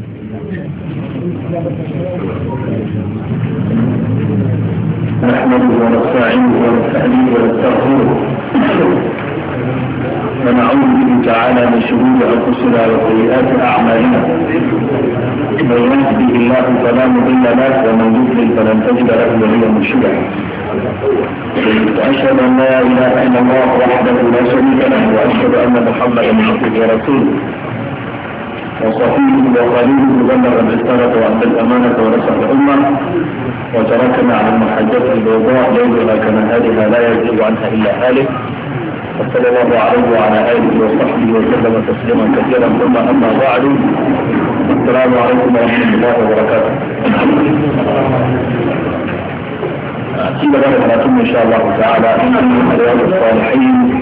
نحمده ونستعينه ونستهديه ونستغفره ونعوذ به تعالى من شرور انفسنا وسيئات اعمالنا من يهده الله فلا مضل له ومن يضلل فلن تجد له وليا مرشدا أشهد أن لا إله إلا الله وحده لا شريك له وأشهد أن محمدا عبده ورسوله وصفيه وقليل مبلغ الرسالة وأدى الأمانة ونصح الأمة وتركنا على المحجة البيضاء ليلها هذه لا يزيد عنها إلا هالك وصلى الله عليه وعلى آله وصحبه وسلم تسليما كثيرا ثم أما بعد السلام عليكم ورحمة الله وبركاته. في بلغ إن شاء الله تعالى رياض الصالحين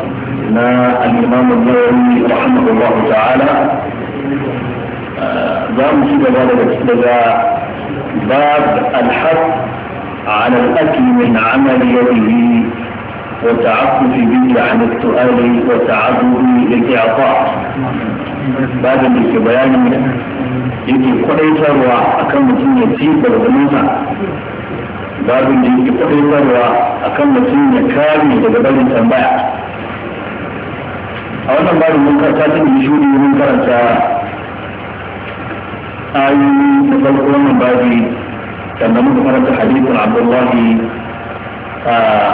ان الامام النووي رحمه الله تعالى قام في بلاد باب الحق على الاكل من عمل يده وتعفف به عن السؤال وتعبه للاعطاء بعد ان في بيان يجي قريتر واكم مسؤول يسير بالغنوسه بعد ان يجي قريتر واكم مسؤول يكاد a wannan babin mun karanta ta da shuri mun karanta ayoyi da farko wannan babi sannan muka karanta hadisin abdullahi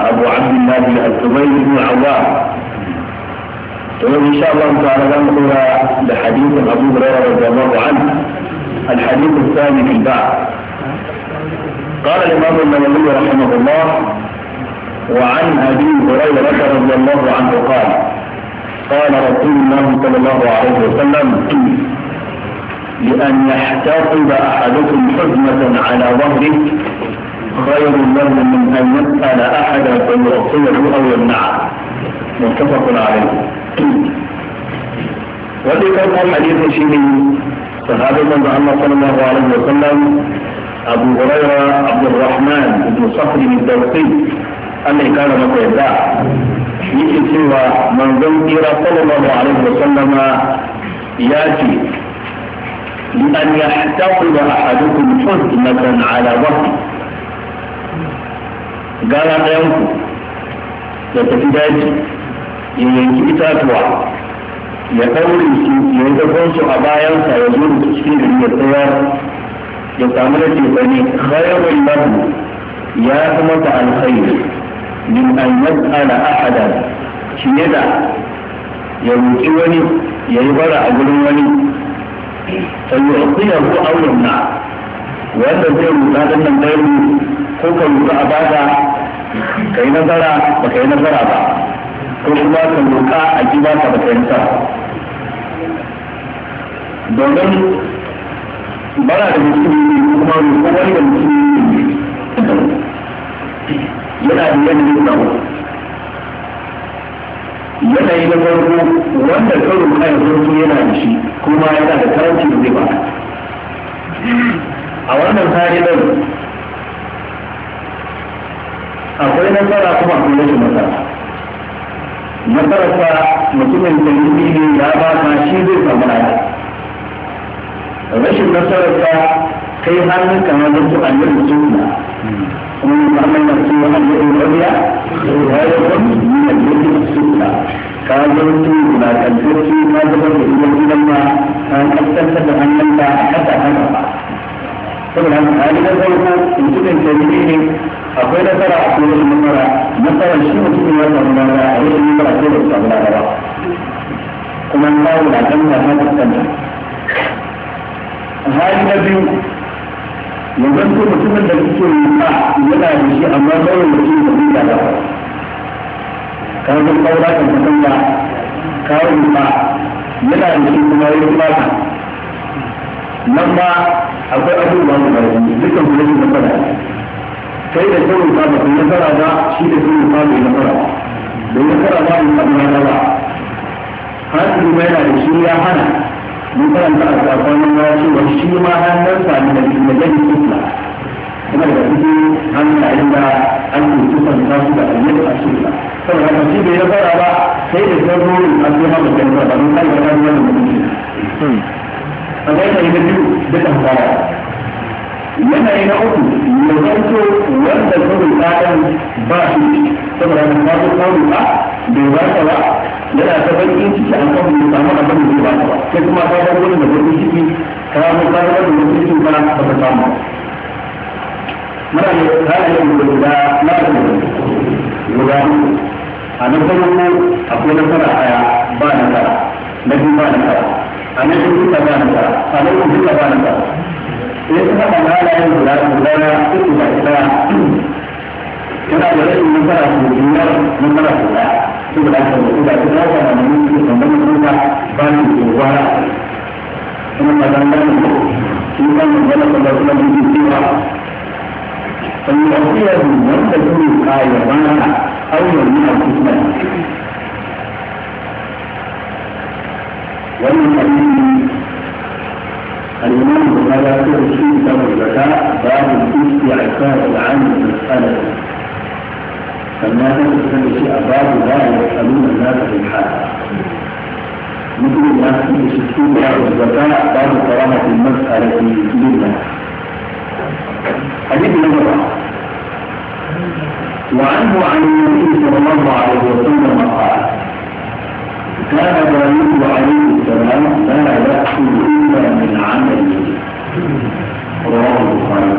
abu abdullahi al-zubayr ibn awwam to in sha Allah ta'ala zan kula da hadisin abu hurairah radiyallahu anhu الحديث الثاني في البعث قال الإمام النووي رحمه الله وعن أبي هريرة رضي الله عنه قال قال رسول الله صلى الله عليه وسلم لأن يحتفظ أحدكم حزمة على ظهره خير له من أن يسأل أحدا فيعصيه أو يمنعه متفق عليه وذكر الحديث شيء صحابة محمد صلى الله عليه وسلم أبو هريرة عبد الرحمن بن صخر الدوسي أن كان الله yake cewa manzon kira sallallahu alaihi wasallam ya ce da ahadukum أحدكم ala wahi وقته قال ku da tafi daji ya yanki itatuwa ya ɗaure su ya yi dafon su a bayansa ya zo da cikin gari ya tsayar ya samu da ce bane khairun lahu ya kuma ta alkhairi min an yas'ala ahadan fiye da ya roƙi wani ya yi bara a gurin wani fa ko aw na wanda zai roƙa dan nan bayan ko ka roƙa a bada kai nazara ba ka yi nazara ba ko kuma ka roƙa a ki baka ba kai nazara domin bara da mutum kuma roƙo wani da mutum ne yana da yanayi na uku yanayi na farko wanda karo na yanzu yana da shi kuma yana da karanci da zai ba a wannan ka'idar akwai nasara kuma akwai rashin nasara nasararsa mutumin da yi ne ya ba ka shi zai samu lada rashin nasararsa kai hannun kamar da su annabi sunna ومن يعمل سوءا يؤمن الرؤيا رواية من الذكر السنة كاذبت ما كذبت akwai nasara a a kuma hali na biyu yanzu ko mutumin da suke yi ba yana da shi amma bayan mutum da bai da ba kawai kaura kan mutum ba kawai ba yana da shi kuma yi ba nan ba akwai abubuwa da bai dukkan kuma shi nasara kai da kawai ba ba kai nasara ba shi da kawai ba bai nasara ba bai nasara ba bai na ba har kuma yana da shi ya hana mun karanta a sakonin ya ce wa shi ma hannun sami da majalis isla kuma daga cikin hannayen da an kuci santa su da ayyar a shirya saboda haka shi bai nasara ba sai da sai rurin a sai haka da ba mun kai da kan wannan mutum hmm. a gaisa yi da biyu da kan fara yanayi na uku ya zanto wanda gudun ɗayan ba shi saboda da ba su kawai ba bai ba ta ba yana ta bakin ciki an kan bai samu abin da bai ba ta ba sai kuma ka ga gudun da bakin ciki ka mu ka ga gudun bakin ciki ba ba ta ba mutane za a yi gudun da na da guda a na farko akwai nasara aya ba nasara na biyu ba nasara a na biyu ba nasara a na biyu ba nasara sai ka faɗa halayen guda guda uku da ita yana da rashin nasara ko biyar nasara ko ɗaya saboda haka da ita ta zaka da mun yi kamar kuma ba ni ke wara kuma ba dan dan ko shi kan magana da kuma mun yi cewa فالوصية وانت تقول آية وانا أول من الحكمة ومن الحديث الإمام البخاري يقول في كتاب الزكاة باب الاستعفاف عن المسألة فما تسمي شيء باب لا يسألون الناس في الحال مثل ما في ستون باب الزكاة باب كرامة المسألة لله حديث نمبر وعنه عن النبي صلى الله عليه وسلم قال كان ابراهيم عليه السلام لا يأكل إلا من عمل رواه البخاري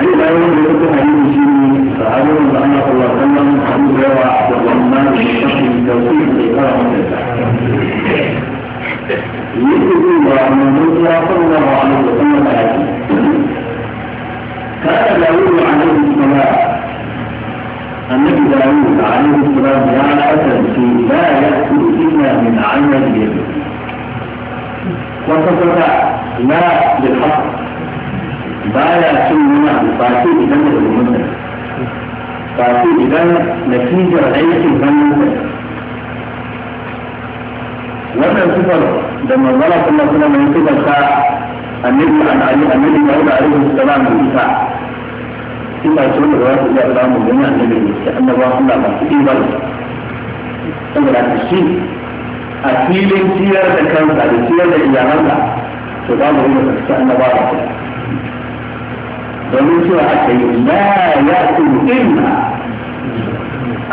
أيضا يوجد حديث صحابي صلى الله عليه وسلم حديث روى عبد الرحمن بن شخص التوفيق لكرم يجب أن نقول صلى الله عليه وسلم كان داود عليه السلام النبي داود عليه السلام يا الحسن في لا يأكل إلا من عين اليمين وصدق لا بالحق لا يأكل من فاتي إذن المنزل فاتي إذن نتيجة ليس المنزل وما سفر لما ظلت الله صلى الله عليه وسلم النبي عن علي النبي داود عليه السلام بالإساءة in ba su da wasu da za mu gani annabi ne sai annaba Allah ba su imani saboda ka shi a filin ciyar da kansa da ciyar da iyalanka to za mu gani da su annaba ba su domin cewa aka yi la ya kulu illa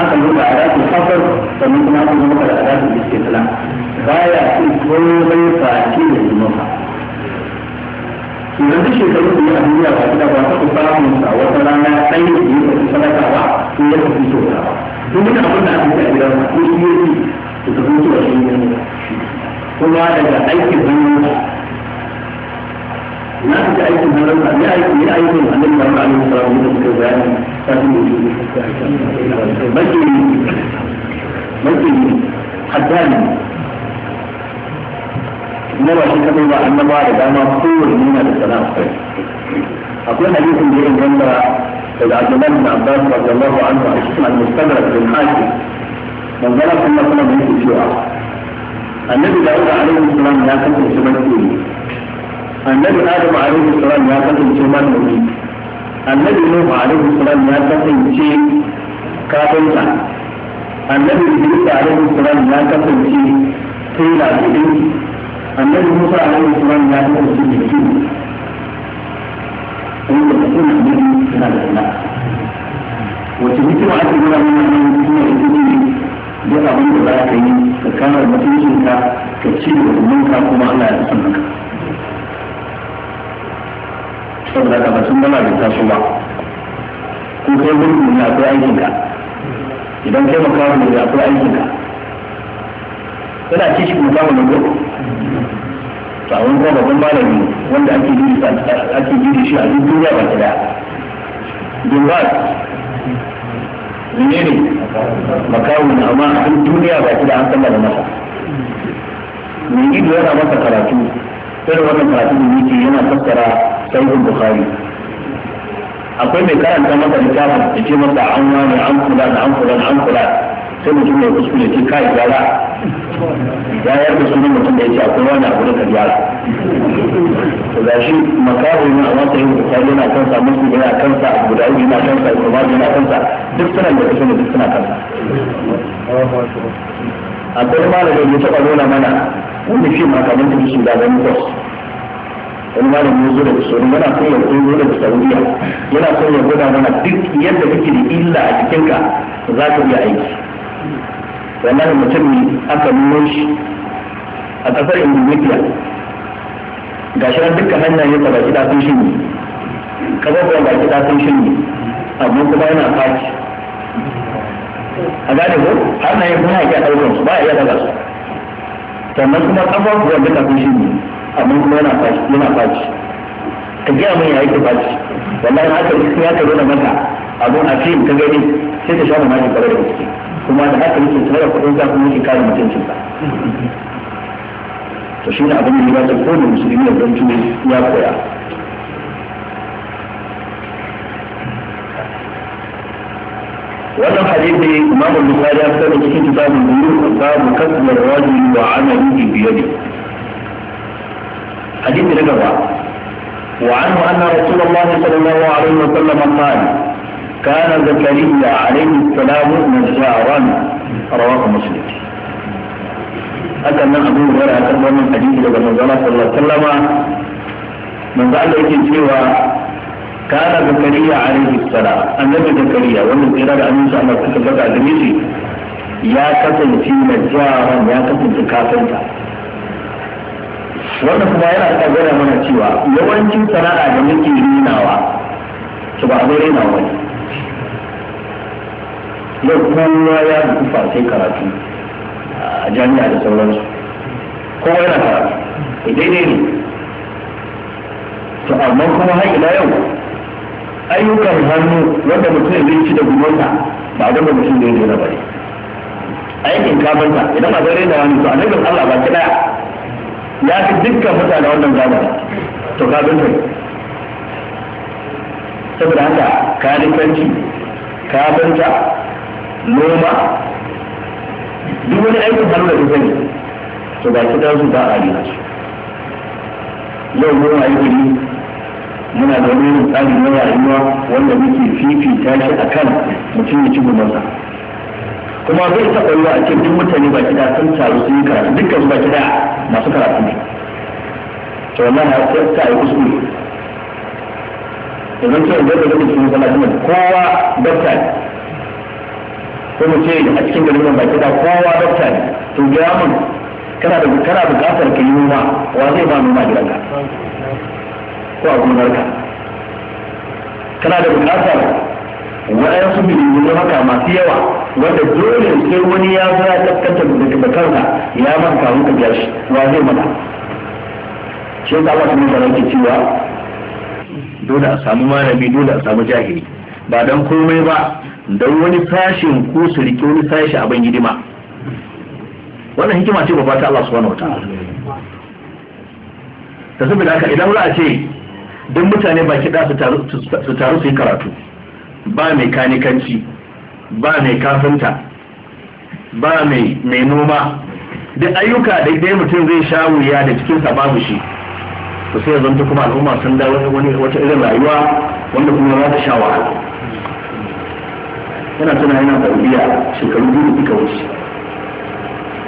aka zo da alaƙin kafar sannan kuma aka zo da alaƙin iskitila baya cin komai fa'aki da zunuba yanzu shekaru da a duniya ba ta da ba su samun a wata rana ɗaya da ya tafi sadaka ba ko ya tafi kyauta ba duk abin da aka yi a ko shi ya yi to ta zo zuwa shi ne kuma daga aikin hannu na fita aikin hannun sa yi aikin ne da annabi Muhammad alaihi salatu da suka bayani kafin mutum bakin bakin haddani na ba shi kadai ba annabawa da dama kowanne yana da sana'a kai akwai hadisin da ya inganta daga Abdullah bin Abbas radiyallahu anhu a cikin al-Mustadrak bin Hakim manzala kuma kuma da yake cewa annabi Dawud alaihi salam ya kasance barke annabi Adam alaihi salam ya kasance manomi annabi Nuhu alaihi salam ya kasance kafinta annabi Idris alaihi salam ya kasance tela da dinki annabi musa alaihi salam ya yi wasu da shi inda mutum da shi suna da Allah wace hikima ake gura mana nan kuma ita ce duk abin da za ka yi ka kama mutuncinka ka ci da zumunka kuma Allah ya san maka saboda ka batun bala da ko kai gurbi ne akwai aikinka idan kai makawa ne akwai aikinka yana ci shi kuma da ko to a wani kuma babban malami wanda ake jiri ake jiri shi a duk duniya ba ta da dimbas ne ne na amma a duk duniya ba ta da an sallama masa mai ido yana masa karatu sai wannan karatu da yake yana fassara sahihul bukhari akwai mai karanta masa littafin da ce masa an wani an kula da an kula da an kula sai mutum ya kuskure ki kai gyara ya yarda sunan mutum da ya yake akwai wani abu da ka gyara to ga shi makaru na amma sai bukari yana kansa musu yana kansa abu da yana kansa ibadu yana kansa duk suna da kashe duk suna kansa akwai malamin ya taɓa nuna mana wani shi makamin da shi da ganin kwas wani malami ya zo da sauri mana son ya zo da sauriya yana son ya gwada mana duk yadda kake da illa a cikinka za ka iya aiki wannan mutum ne aka nuno shi a ƙasar indonesia ga shi dukkan hannayen sa baki ɗafin shi ne ƙafafuwan baki ɗafin shi ne amma kuma yana faci a gane ko hannayen kuma ya ɗaukar su ba a iya ɗaga su sannan kuma ƙafafuwan baki ɗafin shi ne amma kuma yana faci yana faci ka gaya min ya yake faci Wannan haka ya ka zo da mata abun a cikin ka gani sai ta sha mamaki kwarai da gaske kuma da haka yake tsara kuɗin sa kuma yake kare mutuncin ba. to shi ne abin da ya ta kowane musulmi da zanci ya koya wannan hadisi imamu bukhari ya fitar da cikin kitabun bulu babu kasbar rajuli wa amalihi bi yadi hadisi na gaba وعنه أن رسول الله صلى الله عليه وسلم قال كان زكريا عليه السلام نجارا رواه مسلم hakan nan abin da ya kan wannan hadisi daga manzon sallallahu alaihi wasallam manzo Allah yake cewa kana zakariya alaihi salam annabi zakariya wannan tsira da annabi Allah ta tabbata da miji ya kasance da jaran ya kasance kafinta wannan kuma yana ta gwada mana cewa yawancin sana'a da muke rinawa su ba abin rinawa ne yau kowa ya rufa sai karatu a jami'a da sauransu kowa yana karatu eh, idan ne ne to amma kuma har ila yau ayyukan hannu wanda mutum zai ci da gudunsa ba da mutum da ya nuna ba ne aikin kafinta idan ba zai da wani to a nufin Allah ba ki daya ya fi dukkan mutane wannan zamanin to kafinta ne saboda haka kanifanci kafinta noma duk wani aikin hannu da kuka ne to ba su su ba a rina yau mun a yi muna da wani tsari na rayuwa wanda muke fifita shi a kan mutum ya ci gumansa kuma zai taɓa yiwa a cikin mutane ba kiɗa sun taru sun yi karatu dukkan su ba kiɗa masu karatu ne to wannan ya ce ta yi kuskure idan ce da da cikin masallacin kowa dakta ne ko mu ce a cikin garin nan baki da kowa dokta ne to gaya mun kana da kana bukatar ka yi noma wa zai ba noma gidanka ko a ka kana da bukatar waɗansu bilimin haka masu yawa wanda dole sai wani ya zo ya tattata da kansa ya man kawo ka biya shi wa zai mana shi ta wasu mutane ke cewa dole a samu malami dole a samu jahili ba dan komai ba don wani sashin ko su riƙe wani sashi a hidima wannan hikima ce babba ta Allah subhanahu ta'ala ta saboda haka idan za ce don mutane ba da su taru su yi karatu ba mai kanikanci ba mai kafinta ba mai noma duk ayyuka da dai mutum zai sha wuya da sa babu shi to sai ya zanta kuma al'umma sun da wata irin rayuwa wanda kuma za ta sha wahala yana tana yana saudiya shekaru biyu suka wuce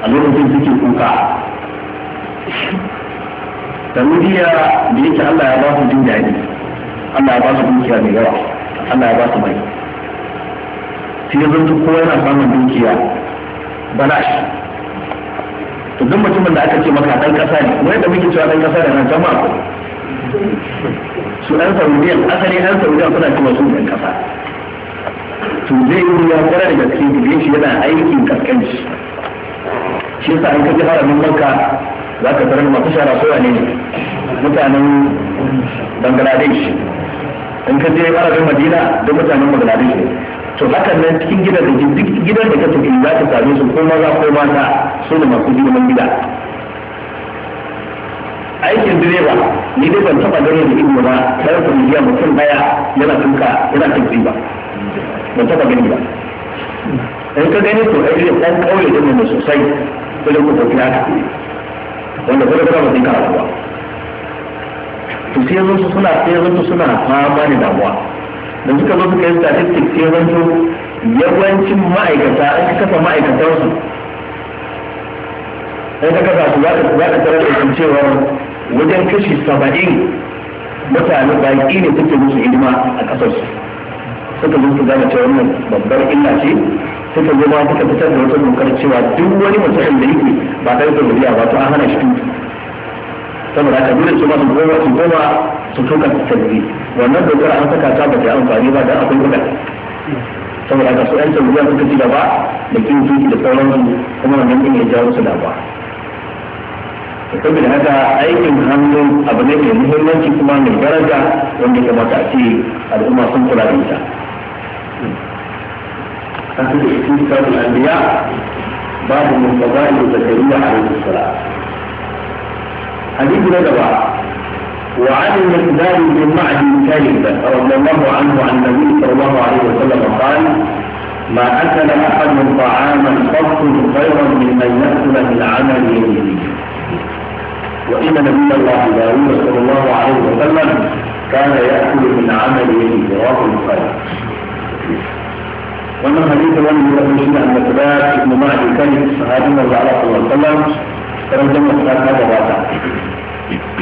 a lokacin suke kuka saudiya da yake allah ya ba su jin daɗi allah ya ba su dukiya mai yawa allah ya ba su mai sai ya zanto kowa yana samun dukiya balash to duk mutumin da aka ce maka dan kasa ne wani da muke cewa dan kasa da nan jama'a su ɗan saudiyan asali ɗan saudiyan suna cewa su ɗan kasa to zai yi ruwa kwara da gaske gudun shi yana aikin kaskanci shi yasa an kaji haramin makka za ka tarar masu shara kowa ne mutanen bangladesh in ka je haramin madina da mutanen bangladesh to hakan nan cikin gidan da duk gidan da ka tafi za ka same su ko maza ko mata su da masu girman gida aikin direba ni dai ban taba gare da ido na sai ku biya mutum daya yana tuka yana tafi ba ban taba gani ba in ka gani to ai ɗan ƙauye da ne sosai wajen ku tafi haka wanda kuma kuma ba zai karatu ba to sai yanzu suna sai yanzu suna fama da damuwa da suka zo suka yi statistics sai yanzu yawancin ma'aikata an ka kasa ma'aikatansu sai ka kasa su za ka tarar da sun cewa wajen kashi saba'in mutane baƙi ne suke musu hidima a ƙasarsu suka zo su gane cewa wannan babbar illa ce suka zo ma suka fitar da wata dokar cewa duk wani mutum da yake ba da zuriya ba to an hana shi tuki saboda haka dole su ma su goma su goma su tuka tarbi wannan dokar an saka ta ba ta amfani ba da akwai kuɗa saboda haka su ƴan wuya suka ci gaba da kin tuki da sauransu kuma wannan ɗin ya jawo su damuwa saboda haka aikin hannu abu ne mai muhimmanci kuma mai daraja wanda ya kamata a ce al'umma sun kula da ita أنتم في كتاب الأنبياء باب من فضائل زكريا عليه السلام حديث ندوة وعن المقدار بن معدي كلمة رضي الله عنه عن النبي صلى الله عليه وسلم قال ما أكل أحد طعاما قط خيرا من أن يأكل من عمل يده وإن نبي الله داوود صلى الله عليه وسلم كان يأكل من عمل يده رواه البخاري فيه وانا حديث الوان من المسلمين عن مكباب ابن معد الكلم الصحابي مرضى على صلى الله عليه وسلم كان جمع صلاة هذا الواقع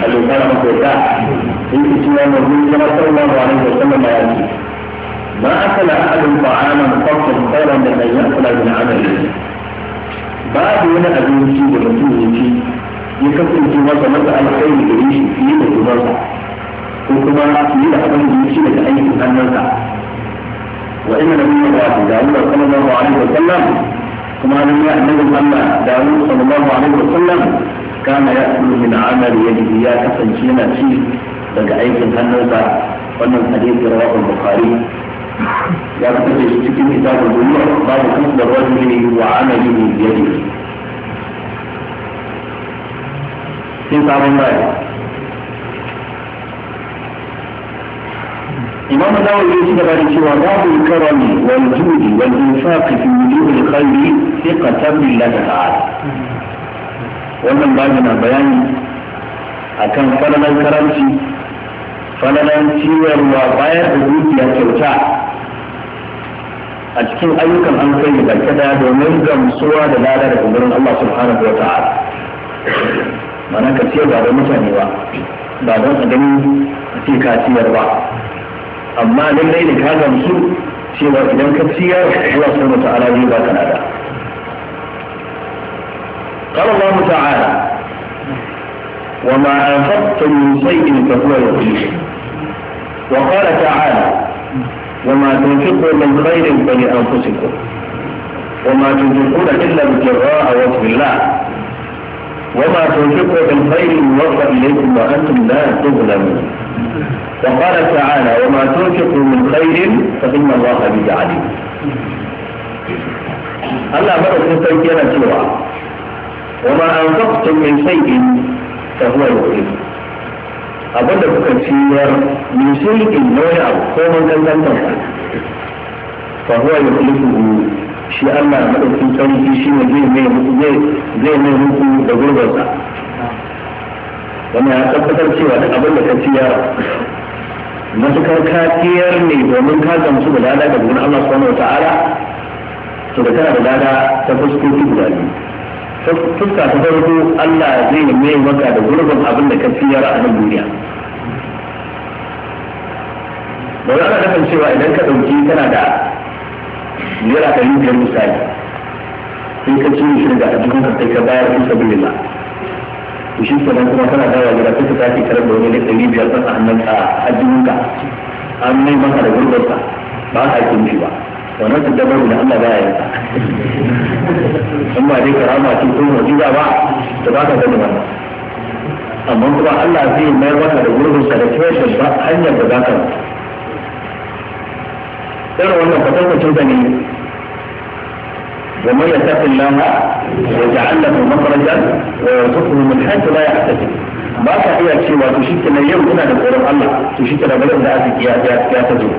الذي كان مكباب في اسم المرضين كما صلى الله عليه وسلم ما ما اكل احد طعاما قط خيرا من ان ياكل من عمله بعد من الابيوسي والمسلمين يكفي في مرضى مرضى على خير بريش فيه وفي مرضى وكما يلعب المسلمين في اي مكان مرضى وإن نبي الله داود صلى الله عليه وسلم كما لم يحمل أن داود صلى الله عليه وسلم كان يأكل من عمل يده يا كفنشينا شيء daga aikin hannunsa wannan hadisi rawahu bukhari ya kasance shi cikin kitabul dunya babu kasda rajuli wa amalihi bi yadihi sai sabon baya ya إمام النووي يذكر cewa باب الكرم والجود والإنفاق في وجوه الخير ثقة بالله تعالى wannan babu na bayani akan falalan karamci falalan ciyarwa bayar da dukiya kyauta a cikin ayyukan an kai da kada domin gamsuwa da lada da gurin Allah subhanahu wa ta'ala mana ka ciyar ba da mutane ba ba don a gani a ce ka ciyar ba amma lallai ne ka gamsu cewa idan ka ciyar Allah subhanahu ta'ala zai baka nada قال الله تعالى وما أنفقتم من شيء فهو يخلفه وقال تعالى وما تنفقوا من خير فلأنفسكم وما تنفقون إلا ابتغاء وجه الله وما تنفقوا من خير يوفى إليكم وأنتم لا تظلمون وقال تعالى وما تنفقوا من خير فإن الله به عليم الله بدأ في تنكينا سوى وما أنفقتم من شيء فهو يخلف أبدا كثير من شيء نوعه قوما كان تنفق فهو يخلفه شيء الله بدأ في تنكينا سوى زي ما يقول بغربة wannan ya tabbatar cewa da abin da ka ciyar matukar ka ciyar ne domin ka gamsu da lada da gurin Allah subhanahu ta'ala to da kana da lada ta fuskoki guda biyu fuska ta farko Allah zai mai maka da gurbin abin da ka ciyar a nan duniya ba za ka cewa idan ka ɗauki kana da naira ɗari biyar misali sai ka ci shi daga a cikin ka bayar fi sabilillah to shi ke nan kuma kana dawo gida sai ka tafi karar da wani da ɗari biyar ɗan hannun ka hajjinka an mai maka da gurbarsa ba a aikin shi ba wannan su dabar da Allah ba ya yi amma ba dai karama ce ko mu'jiza ba da ba ka gani wannan amma kuma Allah zai mai maka da gurbinsa da kyau ba hanyar da za ka irin wannan kwatankwacin da ne ومن يتق الله ويتعلم مخرجا ويرزقه من حيث لا يحتسب ما تحيا سوى تشيك ان اليوم هنا نقول الله تشيك ان بلد ذاتك يا ذاتك يا تزول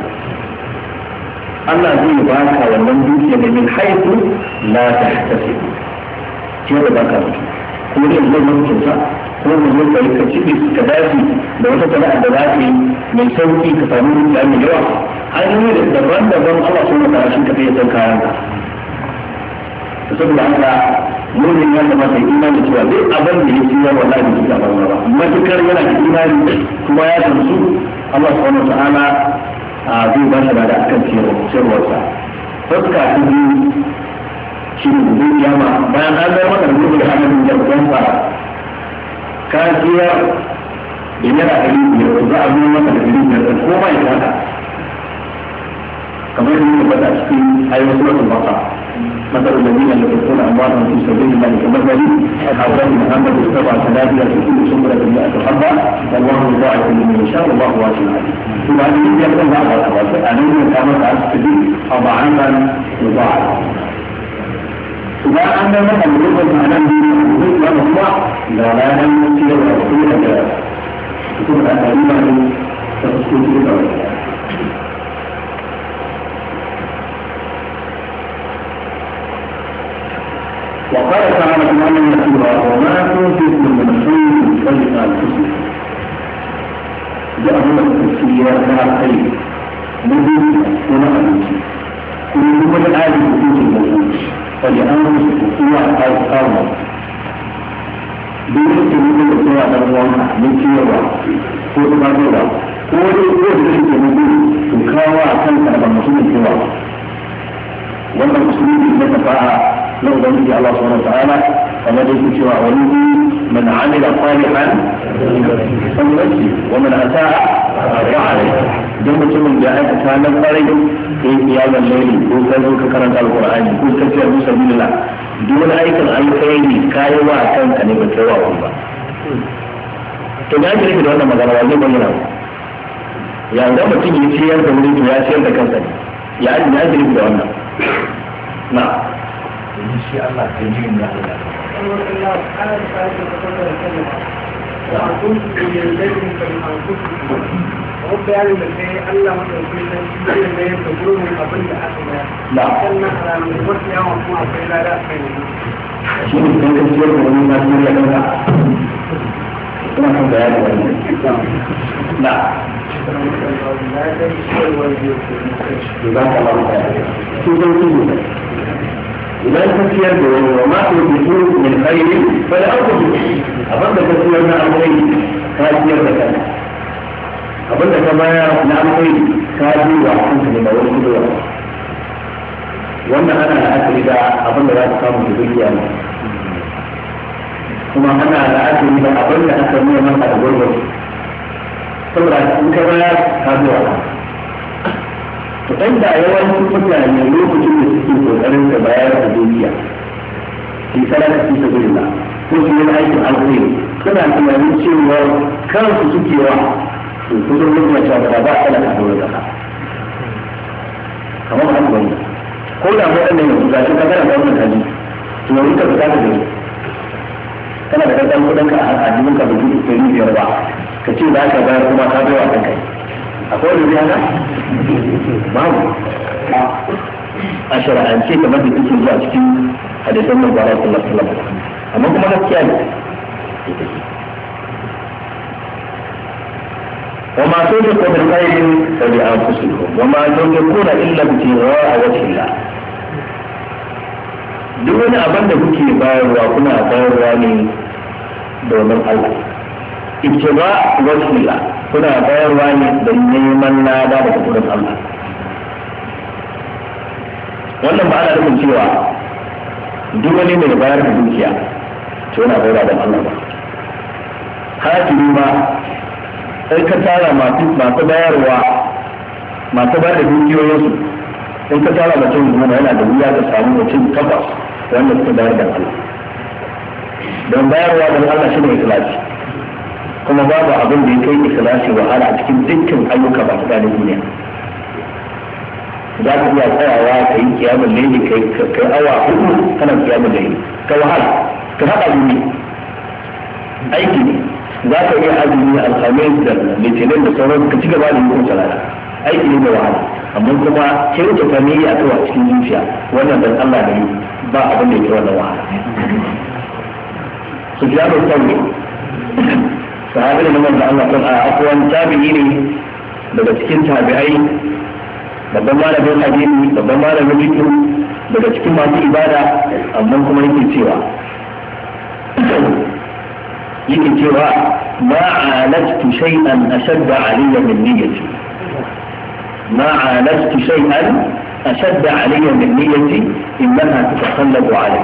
الله ذي يبارك ومن دوكي من حيث لا تحتسب كيف يبارك كل يوم ممكن صح كل يوم يكتب كذاتي لو تتبع ذاتي من سوكي كفرون كأن يوحى هذه هي الدرجة الله سبحانه وتعالى شنك فيها تلك saboda haka mumin ya kamata imani cewa zai abin da ya ci ya wallahi bai ci da ba matukar yana da imani kuma ya su Allah subhanahu wa ta'ala zai ba shi da akan ciyarwarsa fuska ta biyu shi ne zai kiyama bayan an zai maka rubutu da hannun da kuɗin fara ka ciyar da yana da ɗari biyar za a biyo maka da ɗari biyar ko ma ya haka kamar yadda ya faɗa cikin ayyukan suratul baqara مثل الذين ينفقون اموالهم في سبيل الله كمثل حبه محمد السبع ثلاثة في كل سمرة مئة حبه والله يضاعف لمن يشاء والله واسع عليم. ثم ان يكون بعض الاوقات ان يقامت على السبيل اضعافا يضاعف. إذا أن مثل يوسف على الدين الله لا لا يمكن أن يكون هذا. يكون هذا إيمان تسكت وقال تعالى الإمام المسيرة وما تنفقوا من خير فلأنفسكم لأن السيرة لا خير مدينة ولا أنفسكم كل من الآل بوجود الموجود فلأنفسكم هو الأرض بيرك من الأرض الأرض من كيرا فوتبادرا wani yadda suke mutu su kawo a kan karɓar musulun cewa wannan musulun ne na tafa'a na ubangiji Allah subhanahu wani kamar a yake cewa wani man amila salihan sanwaci wa man ata fa'ala Don mutumin da aikata ta nan kwarai kai iyalan laili ko ka zo ka karanta alqur'ani ko ka ce musa billah dole aikin an kai ne wa kanka ne ba kai wa wani ba to da ake da wannan magana wa zai bayyana ya ga mutum ya ciyar da wuri ya ciyar da kansa ne ya ake da wannan na domin shi Allah ta yi yin da wadda ya nuna sai Allah maɗauki na shi ne ne da gurbin abin da aka yi na sannan alamun wata yawon kuma akwai lada a kai ne shi ne kan gaskiyar da wani na shi ya ɗauka ina kan da ya da wani na Jazaka Allah ta yi. Sun zai idan ka ciyar da wani wa ma ko ki su min khairi fa da aku abin da ka ciyar na alkhairi ka ciyar da kanka abin da ka bayar na alkhairi ka duba kanka ne ba wani kudowa wannan ana la'akari da abin da za ka samu da dukiya ne kuma ana la'akari da abin da aka nuna maka da gurgurci saboda in ka bayar ka duba kanka dan da yawancin mutane lokacin da suke kokarin da bayar da dukiya shi sadaka fi sabilillah ko su ne aikin alkhairi suna tunanin cewa kansu suke wa to kusan lokacin cewa ba a sadaka da wata kamar an gwani ko da mu ɗan yanzu gashi ka gana gwamnan kaji to ka fita da gari kana da ƙarƙar kuɗin ka a jibin ka dubu ɗari biyar ba ka ce za ka bayar kuma ka bai wa kanka akwai wani biya babu a shara'ance kamar da kuke zuwa cikin hadisan mai gwara sallallahu alaihi wasallam amma kuma na gaskiya ne وما تنفقوا من خير فلأنفسكم illa تنفقون إلا a wasu الله duk wani abin da kuke bayarwa kuna bayarwa ne domin Allah ibtiba wasila kuna bayarwa ne da neman lada daga gurin Allah wannan ba ana nufin cewa duk wani mai bayar da dukiya to yana bayar da Allah ba hakimi ma sai ka tara masu masu bayarwa masu bayar da dukiyoyinsu in ka tara mutum goma yana da wuya ka samu mutum takwas wanda suka bayar da Allah don bayarwa don Allah shi ne ikhlasi kuma babu abin da ya kai ikhlasi wahala a cikin dukkan ayyuka ba su gane duniya za ka iya tsayawa ka yi kiyamun laili ka yi awa hudu kana kiyamun laili ka wahala ka haɗa ne aiki ne za ka iya azumi alhamis da litinin da sauran ka ci gaba da yi kuma salata aiki ne da wahala amma kuma ta ne ya kawo cikin zuciya wannan dan Allah yi ba abin da ya kawo da wahala su fiya da sauri sahabi da manzo Allah kan a akwai tabi'i ne daga cikin tabi'ai babban malamin hadisi babban malamin fiqh daga cikin masu ibada amma kuma yake cewa yake cewa ma alajtu shay'an ashadda alayya min niyyati ما عالجت شيئا أشد علي من نيتي إنها تتقلب علي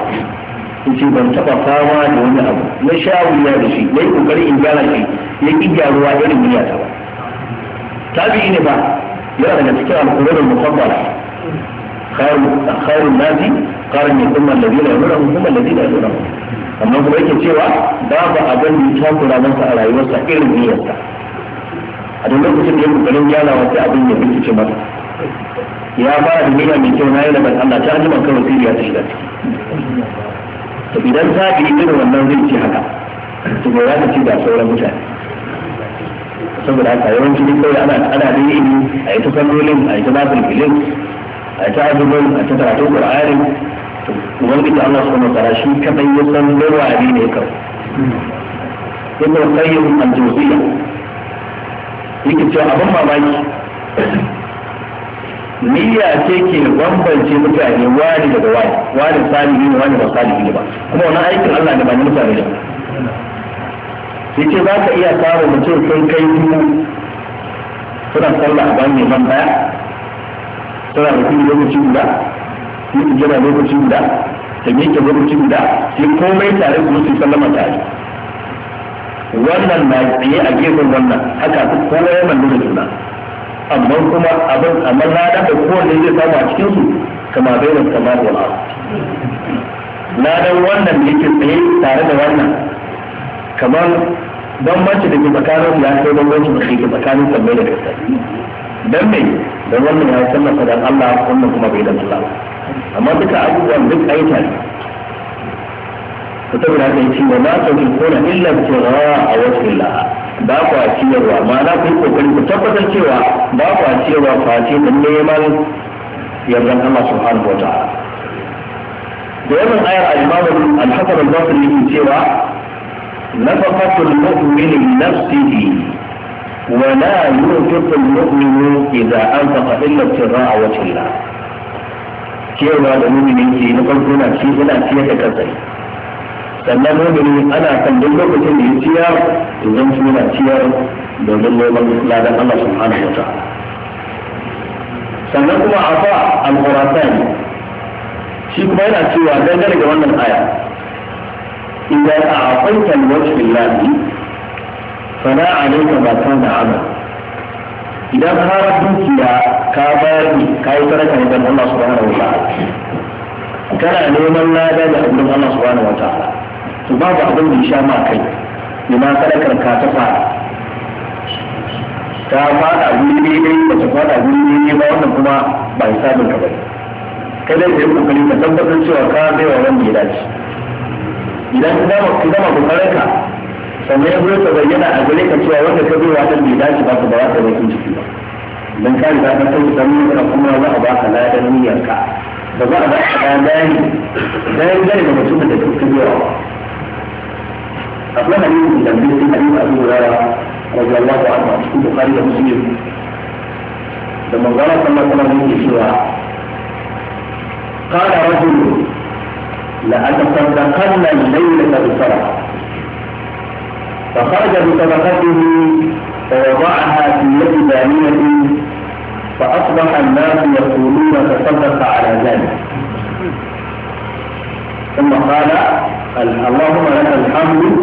yace ban taba fama da wani abu na sha wuya da shi na yi kokari in gyara shi ya ki gyaruwa irin niyya ta ba tabi'i ne ba yana daga cikin alƙur'anin mufabbala khairun nasi qarin min umma alladhina yamurun umma alladhina yamurun amma kuma yake cewa babu abin da ya takura masa a rayuwarsa irin niyyarsa a duk lokacin da ya kokarin yana wata abin ya bincike masa ya fara da niyya mai kyau na yi da ban Allah ta jima kawai sai ya shiga ciki to idan ta yi irin wannan zai ce haka to ba za ta ci da sauran mutane saboda haka yawanci duk kawai ana ana da yi a ita sallolin a ita nafil filin a ita azumin a ita karatun qur'ani ubangiji Allah subhanahu wa ta'ala shi kadai ya san lawari ne kawai ibn qayyim al-jawziyya yake cewa abin mamaki niyya ce ke bambance mutane wani daga wani wani salihi ne wani ba salihi ne ba kuma wani aikin Allah ne ba ne mutane ne yace za ka iya samun mutum sun kai biyu suna sallah a bayan neman baya suna da kuma lokaci guda yi su jira lokaci guda ta miƙe lokaci guda sai komai tare su su sallama tare wannan na tsaye a gefen wannan haka su kowa ya mallaka juna amma kuma abin amma na da kowanne zai samu a cikinsu kama bai da kamar wala dan wannan da yake tsaye tare da wannan kamar bambanci da ke tsakanin ya kai bambanci da ke tsakanin sabbai da gaske dan me don wannan ya sallama da Allah wannan kuma bai da Allah amma duka abubuwan duk aita ne ta saboda haka yace wa ma tunfiquna illa a wasu wajhillah ba ku ciyarwa ma na ku kokari ku tabbatar cewa ba ku ciyarwa face da neman yardan Allah subhanahu wa ta'ala da wannan ayar al-Imam al-Hasan al-Basri yake cewa نفقة المؤمن لنفسه ولا ينفق المؤمن إذا أنفق إلا ابتغاء وجه الله كيف هذا المؤمن في نقل هنا في هنا في هذا كذل سنة مؤمن أنا كان دلوك في الانتيار إذن في هنا في هذا دلوك الله سبحانه وتعالى سنة كما عطاء القرآن شيء كما هنا في هذا دلوك وانا الآيات إذا أعطيت الوجه الله فلا عليك ما كان عمل إذا كانت دوكيا كاباري كاي ترك عند الله سبحانه وتعالى كان نيمان لا دادا عند الله سبحانه وتعالى فبعض أبن الإشاء ما كي لما ترك الكاتفة ta fada guri ne ba ta fada guri ne ba wannan kuma ba hisabin ka bane kada ka yi kokari ka tabbatar cewa ka bai wa wanda ya dace idan ka gama ka gama kokarinka sannan ya zo bayyana a gare ka cewa wanda ka zuwa wajen bai dace ba ka ba ka bakin ciki ba dan ka riga ka san da mun ka kuma za a baka ladan niyyar ka da za a ba ka ladan dan gare da mutum da kuka zuwa akwai hadisi da bai sai hadisi Abu Hurairah radiyallahu anhu a cikin Bukhari da Muslim da manzara sallallahu alaihi wa sallam yake cewa قال رجل لأتصدقن الليلة بصدقة فخرج بصدقته فوضعها في يد دانية فأصبح الناس يقولون تصدق على ذلك ثم قال اللهم لك الحمد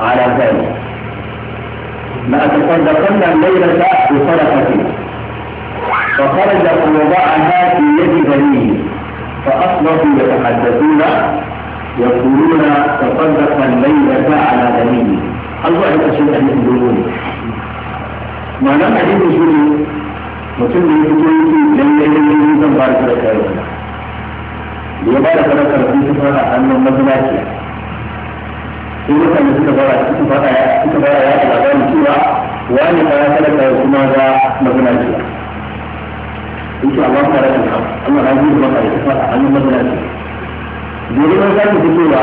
على ذلك لأتصدقن الليلة بصدقتي فخرج ووضعها في يد دانية فأصبحوا يتحدثون يقولون تطلق الليلة على دليل الله يتشد أن يقولون ما لم أجد شيء وكل يقولون في جنة يقولون تنبارك لك يبارك لك ربي سبحانه أنه مدناك إنك أنت تبارك سبحانه يا أخي تبارك يا أخي وأنا أتلقى يا أخي ماذا مدناك insha Allah ta rabu Allah ya yi maka da kafa a hannun masallaci gobe an sake fitowa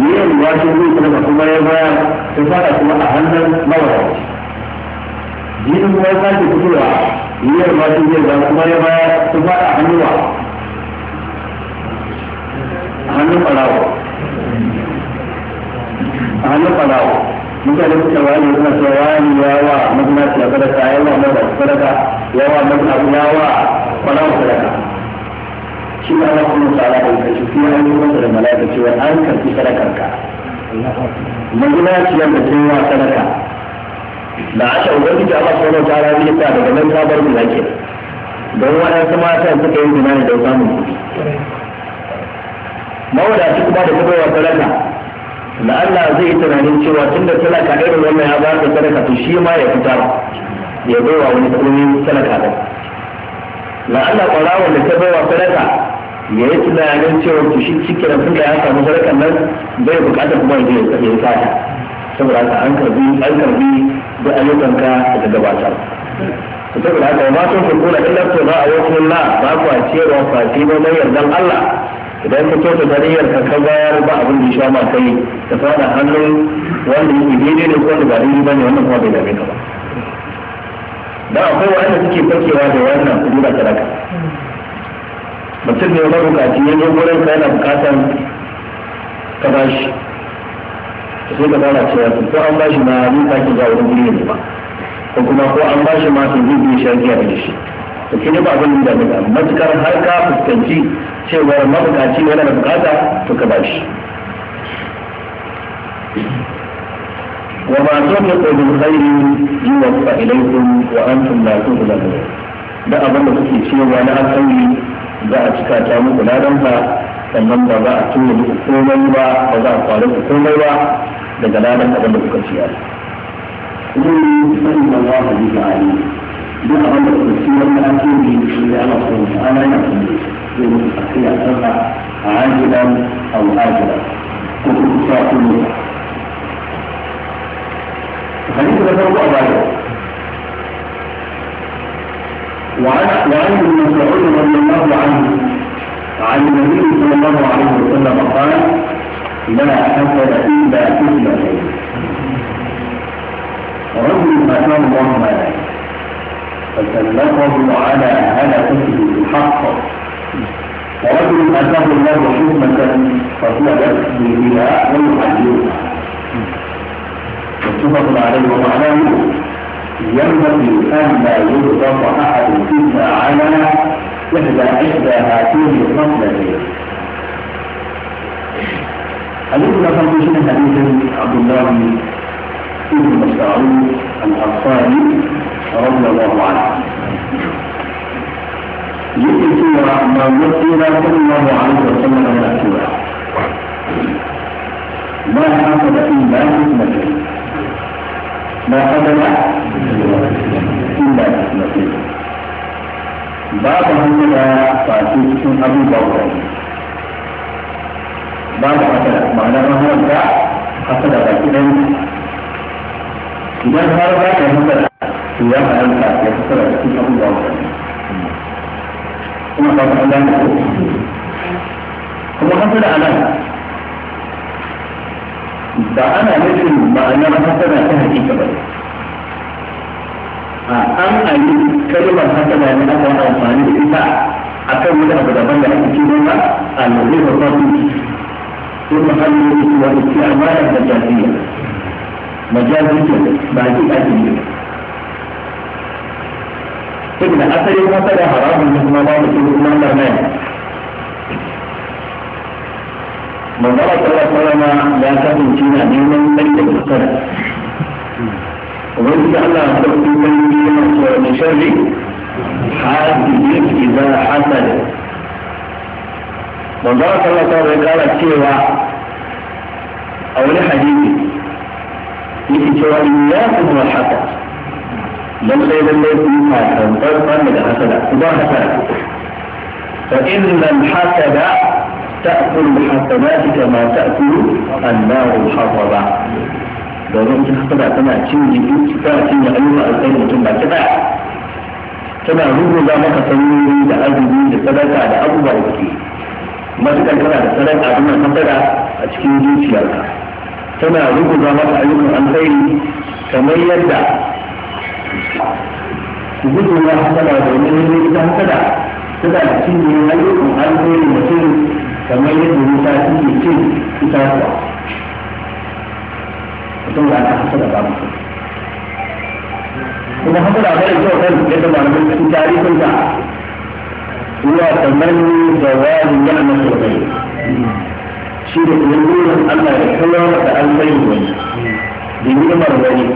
yayin ya ce zai kuma kuma ya baya ta fara kuma a hannun mawaraci jirgin kuma ya sake fitowa yayin ya zai ba kuma ya baya ta fara a hannun a hannun ɓarawo a hannun ɓarawo mutane suka wani suna cewa wani yawa mazinaci a ta yawa yawa ba za mu sadaka shi ma Allah kuma ta'ala da ka ci fiye an yi masa da mala'ika cewa an karfi sadakar ka mazinaciyar da ta yi wa sadaka da a shan ubangiji Allah kuma ta'ala zai sa daga nan sabar mu zake don waɗansu mata suka yi tunani don samun kuɗi mawadaci kuma da ta baiwa sadaka da Allah zai yi tunanin cewa tun da talaka irin wannan ya ba ka sadaka to shi ma ya fita ya baiwa wani kuɗin talaka ɗin la'alla ƙwarawa da ta baiwa sadaka ya yi tunanin cewa to shi cike da tunda ya samu sadakan nan bai buƙatar kuma ya yi sata saboda haka an karbi an karbi da ayyukanka da gabatar saboda haka ma sun fi kula illa to za a yi kuma ba ku a ciyarwa fati ba mai yardan Allah idan ka kyauta ta niyyar ka ka bayar ba abin da sha ma kai ka fada hannun wanda yake daidai ne ko da ba daidai ba ne wannan kuma bai dame ka ba Da akwai wanda suke fakewa da wannan su duba sadaka mutum ne bukaci ya zo gurin ka yana bukatan ka Ta sai ka fara cewa ko an bashi ma ni ka ki ga wani gurin yanzu ba ko kuma ko an bashi ma sun zai biyu shan giya da shi to ke ba abin da daga matukar har ka fuskanci cewa mabukaci yana da bukata to ka bashi wa ma so ne ko يوفى إليكم وأنتم لا تظلمون da abin da kuke cewa na asali za a cika ta muku ladanka sannan ba za a cinye muku komai ba ba za a kware ku komai ba daga ladan abin da kuka ciyar. Kuma ni sani ba za a yi ba a yi. Duk abin da kuka ciyar na asali shi da ana so mu ana yana so ne zai muku a kai a sarra a ajiran a wa'ajiran ko kuma sa kuma الحديث ده وعن ابن مسعود رضي الله عنه عن النبي صلى الله عليه وسلم قال لا حسد الا كفله رجل اتاه الله مالا فسلمه على هلكته الحق ورجل اتاه الله حكمه فهو يكفي بها ويعلمها متفق عليه ومعناه ينبغي أن لا يضغط أحد إلا على إحدى إحدى هاتين الخصلتين حديث رقم تسعين حديث عبد الله بن مسعود الأنصاري رضي الله عنه يؤتي ما يؤتي صلى الله عليه وسلم من السورة ما حصل إلا حكمته ما قدم إلا نصيب باب هنجا فاتيش أبو بكر باب حسد معنى ما هو الدع حسد باكدا إذا هذا كان siapa yang tak yang setelah itu kamu tahu Cuma kalau anda Kemudian tidak ada ba ana nufin ma'anar hasana ta hakika ba a an ayi kalmar hasana ne aka yi amfani da ita a kan wani abu daban da ake ce ba a lura da fasu ko mahallin da ke wani ce amanar da jami'a majalisiyar ba ji ake yi saboda asalin hasana haramun ne kuma ba mutum kuma nan manzara sallallahu alaihi wasallam ya kasance na neman barkin kasar wani da Allah ya dauki kalmi yana cewa da sharri hasidin idza hasad manzara sallallahu alaihi wasallam ya kara cewa a wani hadisi yake cewa iyyakum wal hasad lallai lallai ku yi fatan tsantsan daga hasada ku ba hasada fa innal hasada تأكل حسناتك ما تأكل النار الحطبة domin kin hasada tana cin jiki tana cin ya ayyuka alkhairi mutum ba daya tana rubuta maka sanyoyi da azumi da sadaka da abubuwa da kake matuƙar tana da sadaka tana hasada a cikin zuciyarka tana rubuta maka ayyukan alkhairi kamar yadda gudunar hasada domin ita hasada tana da cin ayyukan alkhairi mutum kamar yadda wuta ce ita kuwa mutum da aka hasa da ba mutum kuma hasa da bari kyau kan yadda malamin cikin tarihin da ruwa kamar da wani yana masa sosai shi da kuma nuna Allah da kawar da an bai wani da yi wani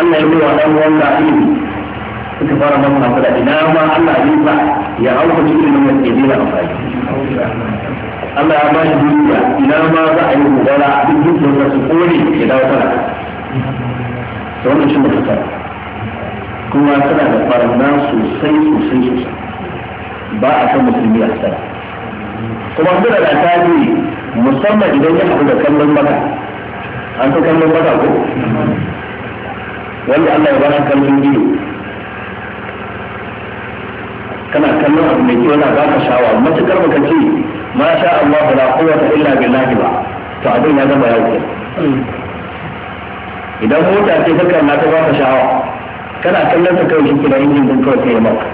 Allah ya yi wa ɗan wanda ilimi suka fara ba masu da ina ma Allah yi ba ya auka cikin nan ya je da amfani Allah ya ba shi duniya ina ma za a yi gobara duk da su kore ya dawo tana to wannan shi mutum ta kuma tana da barna sosai sosai sosai ba a san musulmi a tsara kuma kuma da ta tabi musamman idan ya haɗu da kallon maka an ta kallon maka ko wanda Allah ya ba kallon biyu kana kallon abu mai kyau na ka shawa matukar baka ce ma sha Allah la quwwata illa billahi ba to abin ya zama ya wuce idan mota ce ka na ta ba ka shawa kana kallon ta kawai shi da injin din kawai sai yi maka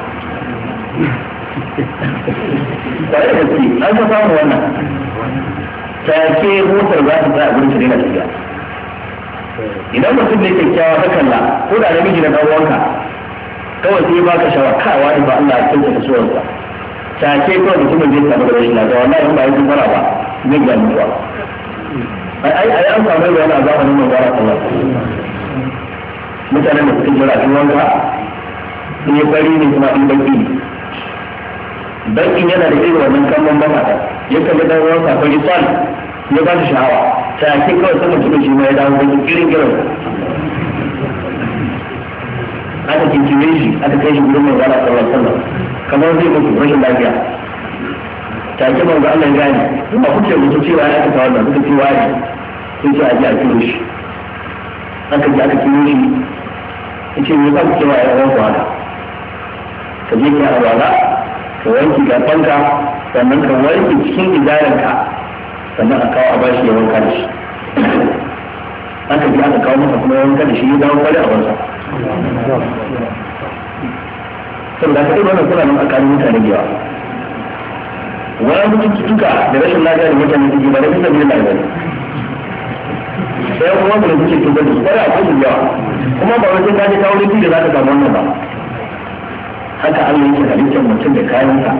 tare da shi an ka samu wannan ta ke motar za ta ta abin ta daina tafiya idan mutum ne kyakkyawa ta kalla ko da namiji na ɗan wanka kawai sai ba ka shawa kawa in ba Allah ya kyauta da Ta take kawai mutumin zai samu da rashin lafiya wallahi in ba yi fara ba zai ga mutuwa ai ai an samu da wani azaba ne mai gara Allah mutanen da suka jira sun wanka in yi fari ne kuma in baki ne bakin yana da irin wannan kallon ka ya kalli dan ruwan sa fari sal ya ba shi sha'awa take kawai sai mutumin shi ma ya dawo baki irin irin aka kinkire shi aka kai shi gurin manzo Allah sallallahu alaihi kamar zai mutu rashin lafiya ta ake manzo Allah ya gane ba kuke mutu cewa ya aka da suka ce wani sun ce ake a kiro shi aka ji aka kiro shi ya ce mai ba cewa ya wanku haka ka je ka alwala ka wanki gafanka sannan ka wanki cikin idaranka sannan a kawo a bashi ya wanka da shi aka bi aka kawo masa kuma yawon da shi ya dawo kwari a wansa saboda ka ɗaukar kuna nan a kanin mutane da yawa wani cututtuka da rashin lafiya da mutane suke ba da kusa biyu da albani sai kuma da suke tuba da su kwari a kusa yawa kuma ba wajen kaji kawo laifi da za ka samu wannan ba haka Allah yake halittar mutum da kayansa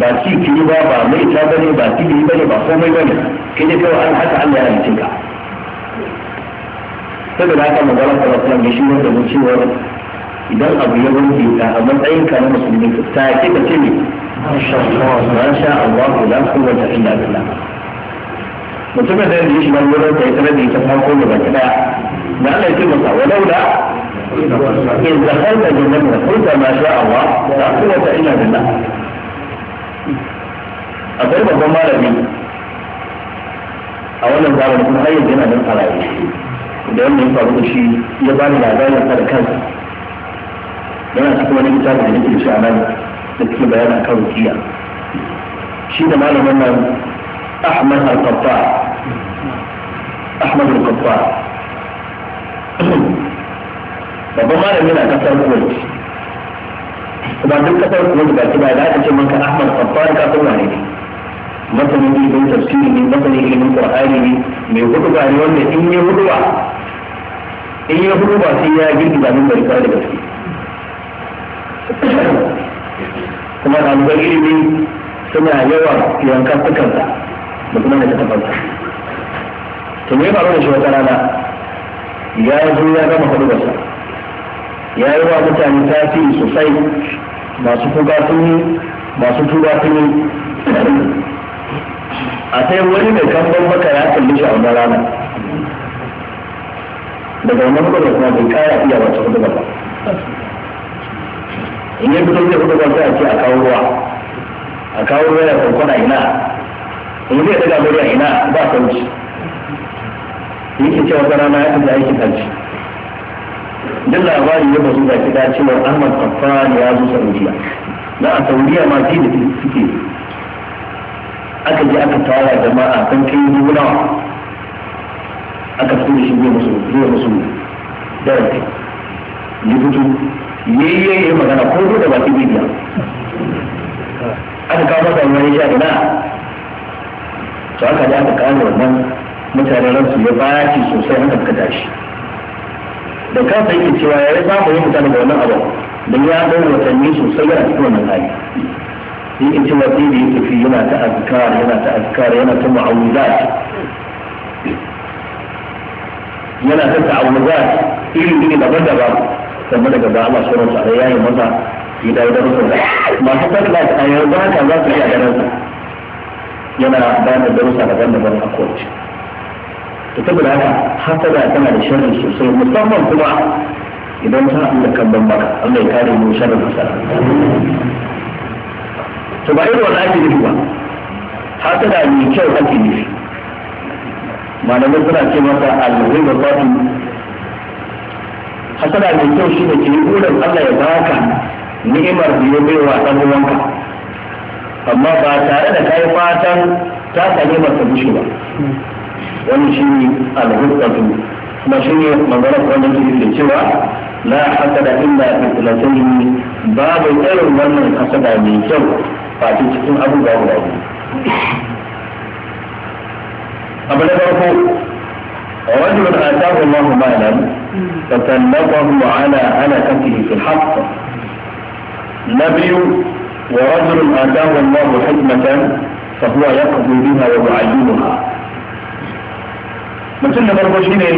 ba ci kiri ba ba mai ta bane ba tibiri bane ba komai bane kai ne kawai an haka Allah ya halitta ka saboda haka magana ta wasu ne shi wanda mu cewa idan abu ya wanke ka a matsayin ka na musulmi ta ke ka ce ne masha Allah la quwwata illa billah mutumin da yake shi ban gurin sai sanar da ita farko da baki daya da Allah ya ce masa walau da in zakarta jannatu kunta ma sha Allah la quwwata illa billah akwai babban malami a wannan zamanin kuma har yanzu yana da tsara da wanda ya faru da shi ya ba da labarin da kansa yana cikin wani littafi da nake shi a nan da suke bayani a kan rukiya shi da malamin nan ahmad al-qatta ahmad al-qatta babban malami na kasar kuwait kuma duk kasar kuwait ba ki ba da aka ce maka ahmad al-qatta ka kuma ne masanin ilimin tafsiri ne masanin ilimin qur'ani ne mai hudu ne wanda in yi hudu in ya hudu ba sai ya girgi da mun bai da gaske kuma ɗaliban ilimi suna yawa yankan fukansa da kuma da ta tabbata to me faru da shi wata rana ya zo ya gama hudubarsa ya yi wa mutane tasiri sosai masu kuka sun yi masu tuba sun yi a sai wani mai kamban maka ya kalli shi a wannan rana daga wannan kuma da kuma bai kara iya wata hudu ba in yi fito zai hudu ba sai a ce a kawo ruwa a kawo ruwa ya na ina in zai daga murya ina ba sauci ke cewa wata rana ya fita aiki kanci duk labari ya masu da kita cewa ahmad kafan ya zo saudiya na a saudiya ma fi da suke aka je aka tara jama'a kan kai dubu nawa aka fito da shi zuwa musu zuwa musu da rake ya fito yayi ya magana ko zo da baki bibiya aka kawo masa wani ya sha to aka ji aka kawo wannan mutanen ransu ya baci sosai aka ka tashi da ka sai yake cewa ya yi samu yin mutane da wannan abu da ya ɗau watanni sosai yana cikin wannan hali yake cewa sai da ya tafi yana ta azkar yana ta azkar yana ta ma'amudat yana da ta'awuzat iri iri daban-daban sannan daga ba Allah sauran sa ya yi masa ya dawo da rusul masu tattala a yanzu haka za su iya ganin sa yana ba da darussa daban-daban a kowace to saboda haka hasada tana da sharri sosai musamman kuma idan ta da kan ban baka Allah ya kare mu sharrin hasada to ba irin wannan ake nufi ba hasada ni kyau ake nufi malamai suna ce masa alhiba fatin hasada mai kyau shi ne ke yi burin Allah ya baka ni'imar da ya baiwa dan uwanka amma ba tare da kai fatan ta same masa bushe ba wani shi ne alhibatu kuma shi ne maganar wannan ke cewa la hasada illa fi tsalataini babu irin wannan hasada mai kyau ba cikin abubuwa guda biyu abu na farko رجل آتاه الله مالا فكلفه على هلكته في الحق نبي ورجل آتاه الله حكمة فهو يقضي بها ويعينها mutum na farko shi ne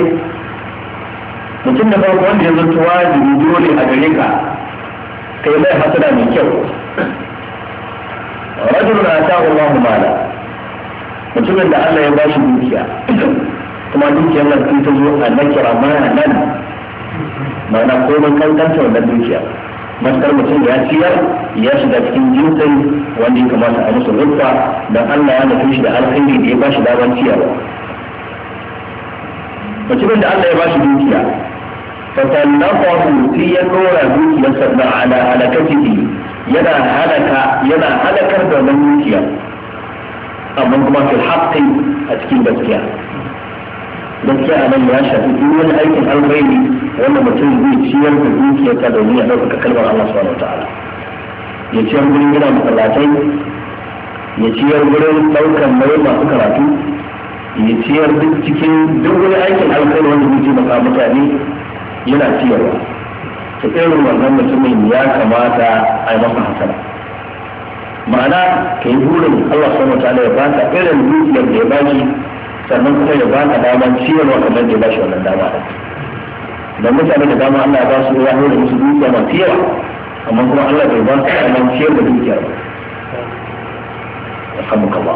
mutum na farko wanda ya zanto wajibi dole a gare ka kai mai hasada mai kyau rajulun atahu Allahu mala mutumin da Allah ya bashi dukiya kuma dukiyar nan sun ta zo a nakira mana nan ma'ana komai kankanta wannan dukiya matukar mutum ya ciyar ya shiga cikin jinsin wanda ya kamata a musu rufa don Allah ya nufi shi da alkhairi da ya bashi damar ciyarwa mutumin da Allah ya bashi dukiya fatallaqahu sai ya dora dukiyarsa da ala halakatihi yana halaka yana halakar da wannan dukiyar amma kuma fil haqqi a cikin gaskiya gaskiya a nan ya shafi duk wani aikin alkhairi wanda mutum zai ciyar da dukiyarsa domin ya ɗaukaka kalmar Allah subhanahu wataala ya ciyar gurin gina masallatai ya ciyar gurin ɗaukar nauyin masu karatu ya ciyar duk cikin duk wani aikin alkhairi wanda zai taimaka mutane yana ciyarwa ta irin wannan mutumin ya kamata a yi masa hasara ma'ana ka yi burin Allah subhanahu wa ta'ala ya baka irin dukiyar da ya baki sannan kuma ya ba baka daman ciyarwa kamar da ya ba shi wannan dama da mutane da dama Allah ba su ya hore musu dukiya ma yawa amma kuma Allah bai ba su daman ciyar da dukiyar ba ya samu kama.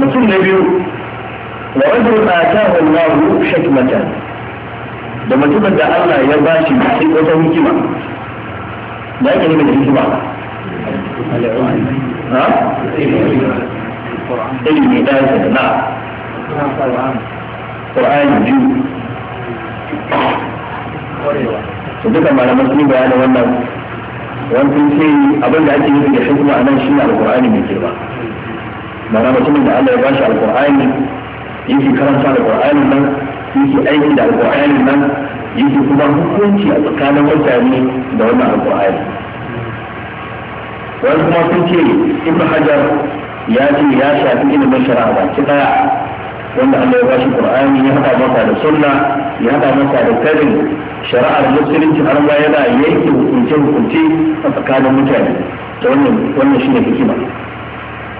mutum na biyu wa rajul atahu Allah shakmatan da mutumin da Allah ya bashi wata hikima da ake nuna hikima ha ilimi da yake na qur'ani biyu ba. duka ba sun wannan wancan ce abin da ake nufi da hikima a nan shine alqur'ani mai girma mana mutumin da Allah ya bashi alqur'ani yake karanta alqur'ani nan yi aiki da alƙur'ani nan yake kuma hukunci a tsakanin mutane da wannan alƙur'ani wani kuma sun ce ibn hajar ya ce ya shafi ilimin shari'a baki daya wanda Allah ya ba shi Qur'ani ya hada masa da sunna ya hada masa da karin shari'ar musulunci har ma yana yanke hukunce hukunce a tsakanin mutane ta wannan wannan shine hikima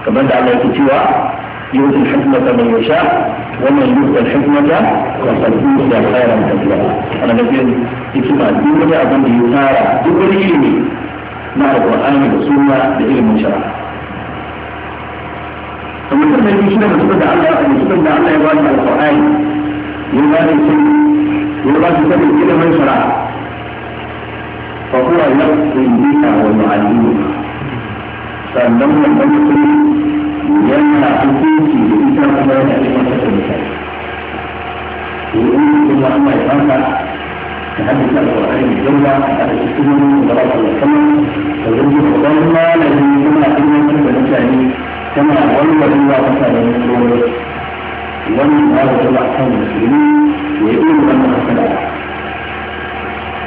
kamar da Allah cewa يؤتي الحكمة من يشاء ومن يؤتى الحكمة فقد أوتي خيرا كثيرا أنا بجد يتبع الدنيا أظن يثار دبر علمي مع القرآن والسنة لعلم الشرع فمن تبع الدنيا مستدعى الله أن يستدعى الله يبالي على القرآن يبالي سنة يبالي سنة لعلم الشرع فهو يقصي بها ويعلمها فأنه لم يكن yana hukunci da ita kuma yana cikin wata misali domin kuma Allah ya fanta da hadin da alƙur'ani mai jauna a da cikin wani da ba ta musamman da yanzu babban malami kuma a cikin wani da mutane tana walwalin wa mutane da tsoro wani ba da zuwa kan musulmi ya yi irin wannan hasala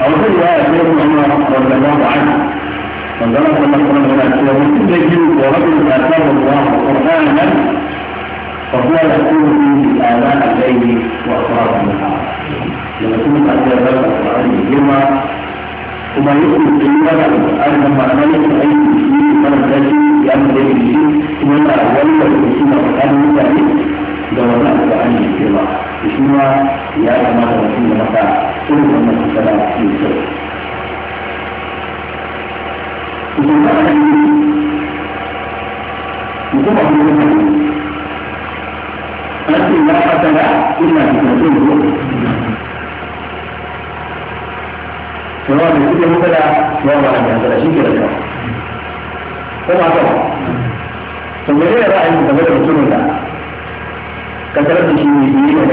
a wata riwaya ta yi muhammad sallallahu alaihi فقال صلى الله عليه وسلم ومن يجب ورجل اتاه الله قرانا فهو يكون في آلاء الليل وأسرار النهار لما يكون قد جاء القرآن الجمع ثم يؤمن بالله أن ما ملك أي شيء فلم تجد يأمر به شيء ثم لا ولي المسلم وكان مثله دورنا القرآن الجمع بشما يا أمام رسول الله صلى الله عليه وسلم mutum ba kuma kuma alaƙi da shi ke da ko ne ra'ayin game da mutumin da kasarar da shi ne da ka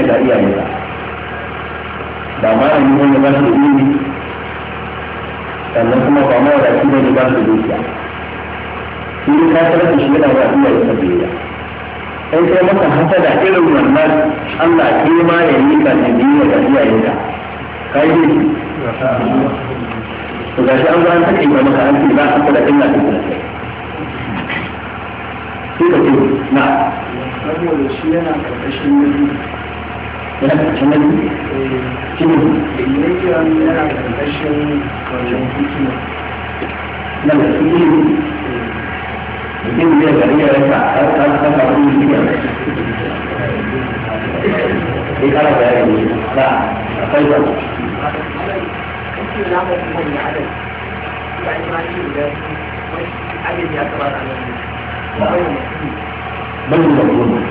ba ba ma yi wani ba shi da ilimi sannan kuma ba ma da kuma da ba su dukiya shi ne ka da shi yana ba Allah ya tabbata sai maka maka da irin wannan Allah ke ma ya yi ka ne ni da biyu da kai ne to ga shi an zo an take ba maka an ce ba a kula illa da kuma sai ka ce na da shi yana karkashin wani yana kamar kini yana da rashin wajen hikima na da su ilimi mutum zai gari ya rasa har kan saka wani hikima sai kara bayani ne na akwai ba بل مضمون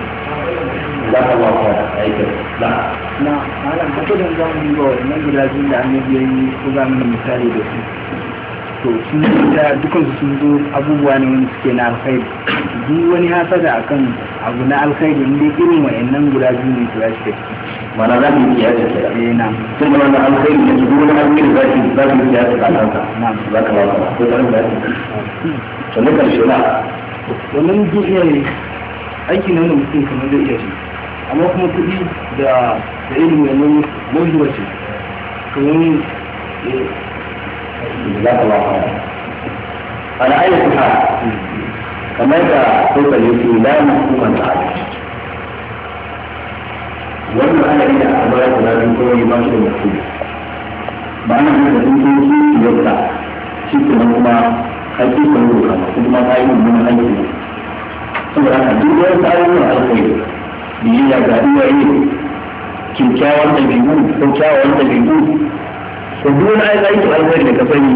zaka ba ka aika da na malam haka da za mu duba wannan guda biyu da annabiyoyi ko za mu misali da su to sun da dukkan su sun zo abubuwa ne suke na alkhairi duk wani hasada akan abu na alkhairi in dai irin wayannan guda biyu ne to ya shi mana za mu iya kiyasa da eh na sun da wannan alkhairi ne duk wani alkhairi za ki za ki kiyasa da na za ka ba ko da za to ne karshe na wannan duk ne aiki na wannan mutum kamar zai iya shi amma kuma kuɗi da da ilimi wannan eh, da wace kamar جزاك الله خيرا على أي حال كما سوف يكون لا da عليه wannan ana da abara da zafin kowai ba shi da mutum ba ana yi da sun yadda su yauta shi kuma kuma haƙi kan yau kuma ta yi mummunan aiki saboda haka duk wani tsarin alkhairi biyayya ga iyaye kyakkyawan ɗabi'u ko kyawawan ɗabi'u ko duk wani aikin alkhairi da ka sani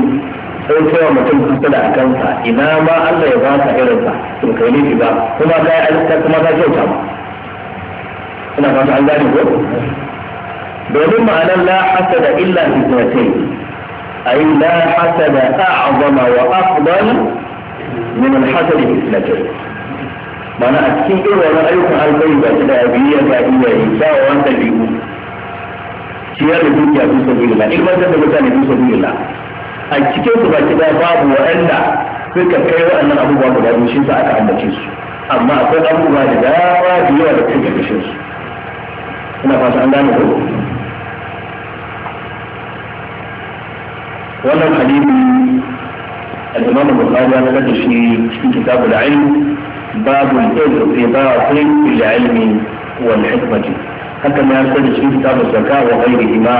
sai kai wa mutum hasada a kansa ina ma Allah ya ba ka irinsa to kai ne ba kuma ka yi alkhairi kuma ka kyauta ba ina fata an gane ko domin ma'anar la hasada illa fi sunatay ay la hasada a'zama wa afdal min al-hasad fi sunatay mana a cikin irin wannan ayyukan alkhairi ba ta da abiyya ga iyaye kyawawan dabi'u ciyar da dukiya fi sabilillah ilmantar da mutane fi sabilillah a cikin su ba ki da babu waɗanda suka kai waɗannan abubuwa guda biyu shi sa aka ambace su amma akwai abubuwa da dama da yawa da suke kashe su ina fata an gane ko wannan hadisi al-Imam Bukhari ya nada shi cikin kitabul ilm باب في باطل العلم والحكمة ما يرتد في كتاب الزكاة وغيرهما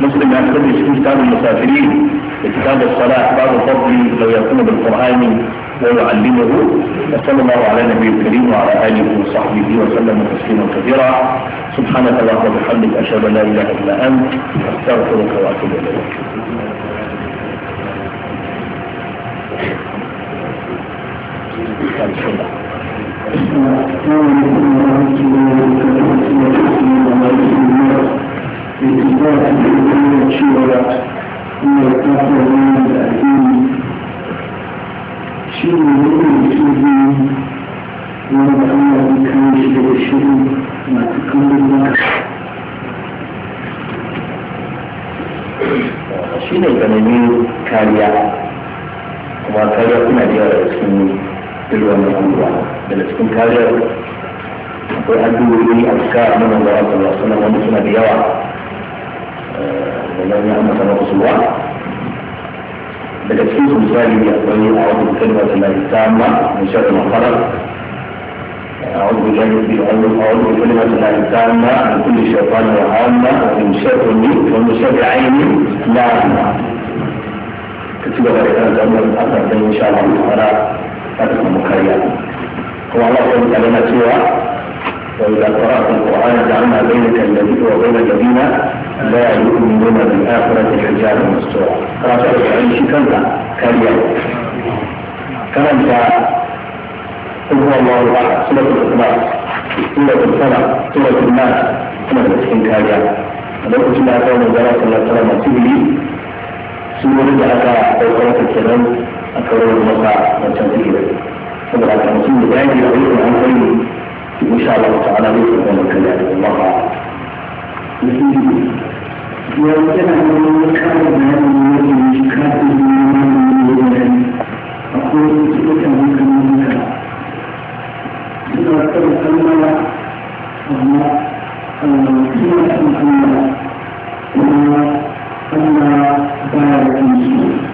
مسلم يرتد في كتاب المسافرين كتاب الصلاة باب الفضل لو يكون بالقرآن ويعلمه وصلى الله على النبي الكريم وعلى آله وصحبه وسلم تسليما كثيرا سبحانك اللهم وبحمدك أشهد أن لا إله إلا أنت أستغفرك وأتوب إليك shi ne kariya kuma kariya kuna da yawa da cikin silwar na hannuwa daga cikin kariyar akwai addu'o'i azkar na manzo Allah sallallahu alaihi wasallam wanda suna da yawa da nan ya ambata na kusurwa daga cikin su misali ne akwai a wajen kalma da na tamma min sharri ma farar أعوذ بالله من أعوذ بكلمة الله التامة من كل شيطان وعامة ومن شر ومن شر عين لامة كتب غير هذا الأمر إن شاء الله تعالى تكون مخيرة هو الله قال لنا سورة وإذا قرأت القرآن جعلنا بينك الذي وبين الذين لا يؤمنون بالآخرة حجابا مستورا قرأت القرآن شكلت كريم كلام قل هو الله أحد سورة الإخلاص سورة الفلق سورة الناس سورة الاستنكارية لو كنا أتوا من جلالة الله سورة سورة الأعداء أو سورة الكلام أكبر المطاع والتنفيذ طبعا المسلم بداية يعيد عن خير إن شاء الله تعالى بإذن الله كذلك الله أعلم. يمكن أن يكون هذا المسلم كافر من أقول لك أن يكون هذا إذا تكلم فهو سنة محمد وما أن بارك مسلم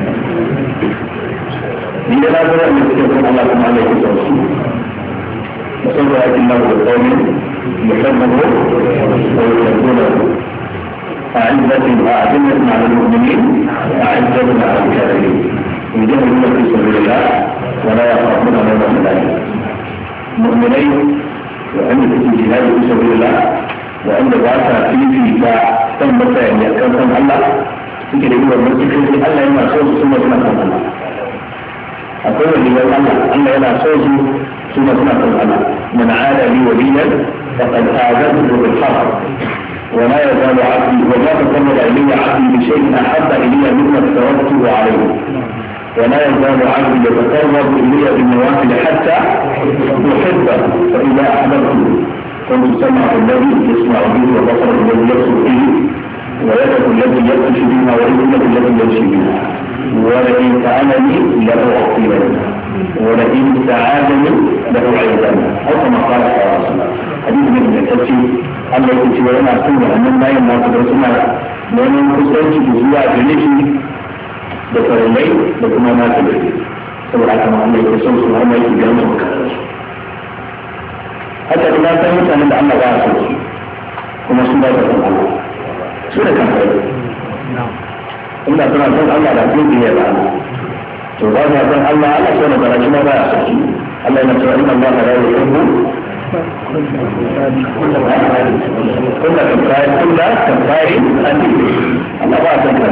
هي لا ترى أن تكون الله تعالى يتوسل وصلى لكنه قوم يحبه ويحبونه أعزة أعزة مع المؤمنين أعزة مع الكافرين يجاهدون في سبيل الله ولا يخافون لهم ذلك مؤمنين وعند الجهاد في سبيل الله وعند بعثها في في تم بتا يعني كان الله suke da yiwuwar masu kai Allah yana so su suna suna أقول لي لو أن أن لا صوت ثم سمعت الأمر من عاد لي وليا فقد آذنته بالحرب وما يزال عبدي وما تقرب إلي عبدي بشيء أحب إلي مما افترضته عليه وما يزال عبدي يتقرب إلي بالنوافل حتى أحبه فإذا أحببته كنت سمع الذي يسمع به وبصر الذي يبصر فيه ويدك الذي يبطش بها ورجلك الذي يمشي بها ولئن سألني لأعطينه ولئن سألني لأعيدنه أو كما قال صلى الله عليه وسلم حديث من ابن كثير Allah ya ce yana son wannan bayan masu da suna neman kusanci da zuwa gare shi da farallai da kuma na ta gare saboda haka Allah ya son su wannan yake ga mu karar su haka kuma san mutanen da Allah ba su kuma sun ba da Allah su da kafa inda suna son Allah da kuma biyar da Allah to ba su son Allah Allah sai magana shi ma ba ya saki Allah yana cewa inna Allah la yuhibbu kulla kafari kulla kafari alim Allah ba son ka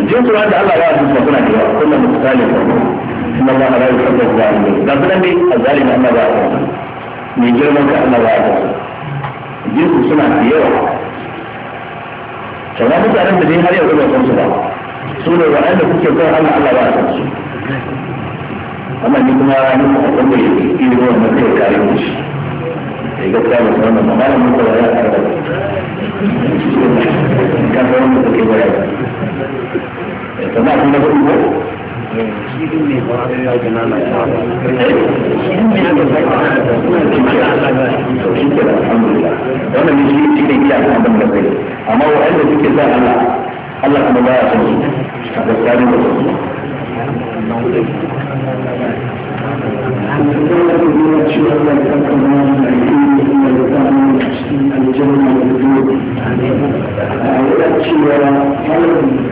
jin tsoron da Allah ya yi suna suna da yawa kulla misalin inna Allah la yuhibbu kulla kafari da sunan dai azzalimi Allah ba ya son mai girman ka Allah ba ya son gefe suna da yawa kamar mutanen da dai har yau ba san su ba su ne da kuke kan Allah Allah ba san su amma ni kuma ni kuma wanda ya yi ruwan na kai kare mu shi sai ga ta mutum wannan ba malamin ko ya ta da ka ga wanda take bayani kamar kuma ko wannan ne shi ne iya abin da kai amma wa'anda suke sa Allah Allah kuma ba ya san su a gaskiya ne Thank you.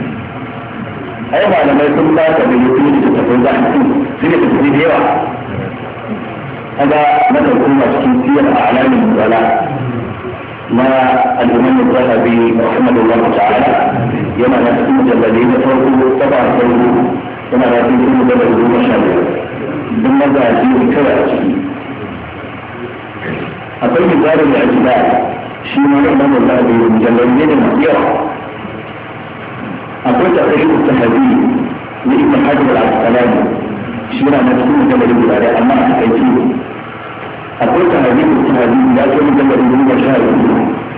ai malamai sun ba ta da yuki da tafi da su ne da da yawa kaga na ɗauki masu kintiyar a alamin wala na al'umman da zaka bi Muhammad Allah ta'ala yana da cikin mujalladai na farko saba farko yana da cikin mujalladai goma sha biyar duk cikin kawai a ciki akwai misalin da ajiyar shi ma na ɗan da zaka bi mujalladai ne da masu yawa أقول تقريب التهديد لإتحاد العسلام شيرا نفسه جبل العراء أما أحيثيه أقول تهديد التهديد لا تكون جبل العراء شاهد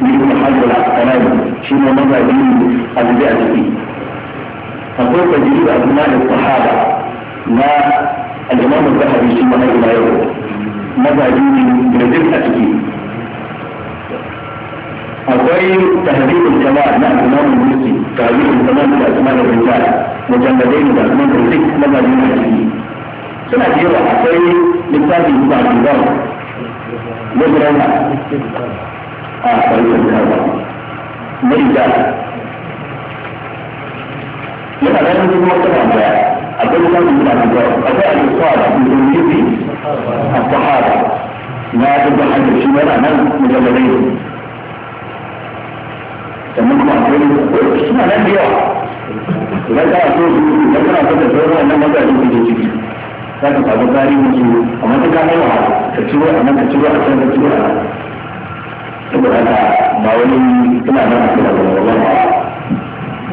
لإتحاد العسلام شيرا مضى به أبدأت فيه أقول تجريب أبناء الصحابة ما الإمام الذهبي شيرا مضى يوم مضى به بنزل أتكيه akwai tahdidul kamal na imam al-Musi tahdidul kamal da Usman al-Rijal mujalladain da Usman al-Rijal na Madin al-Rijal suna cewa akwai littafin ba al-Rijal mujallada a farkon kaza mai da yana da wani kuma kuma da akwai littafin ba al-Rijal akwai al-Qur'an da Tirmidhi as-Sahaba na Ibn Hajar shi yana nan mujalladain suna nan da yawa idan kana so idan kana so ka tsoro wannan magani da ciki za ka samu tarihin su amma ta kama yawa ka ciro a nan ka ciro a can ka ciro a nan saboda haka ba wani suna nan a kira da wannan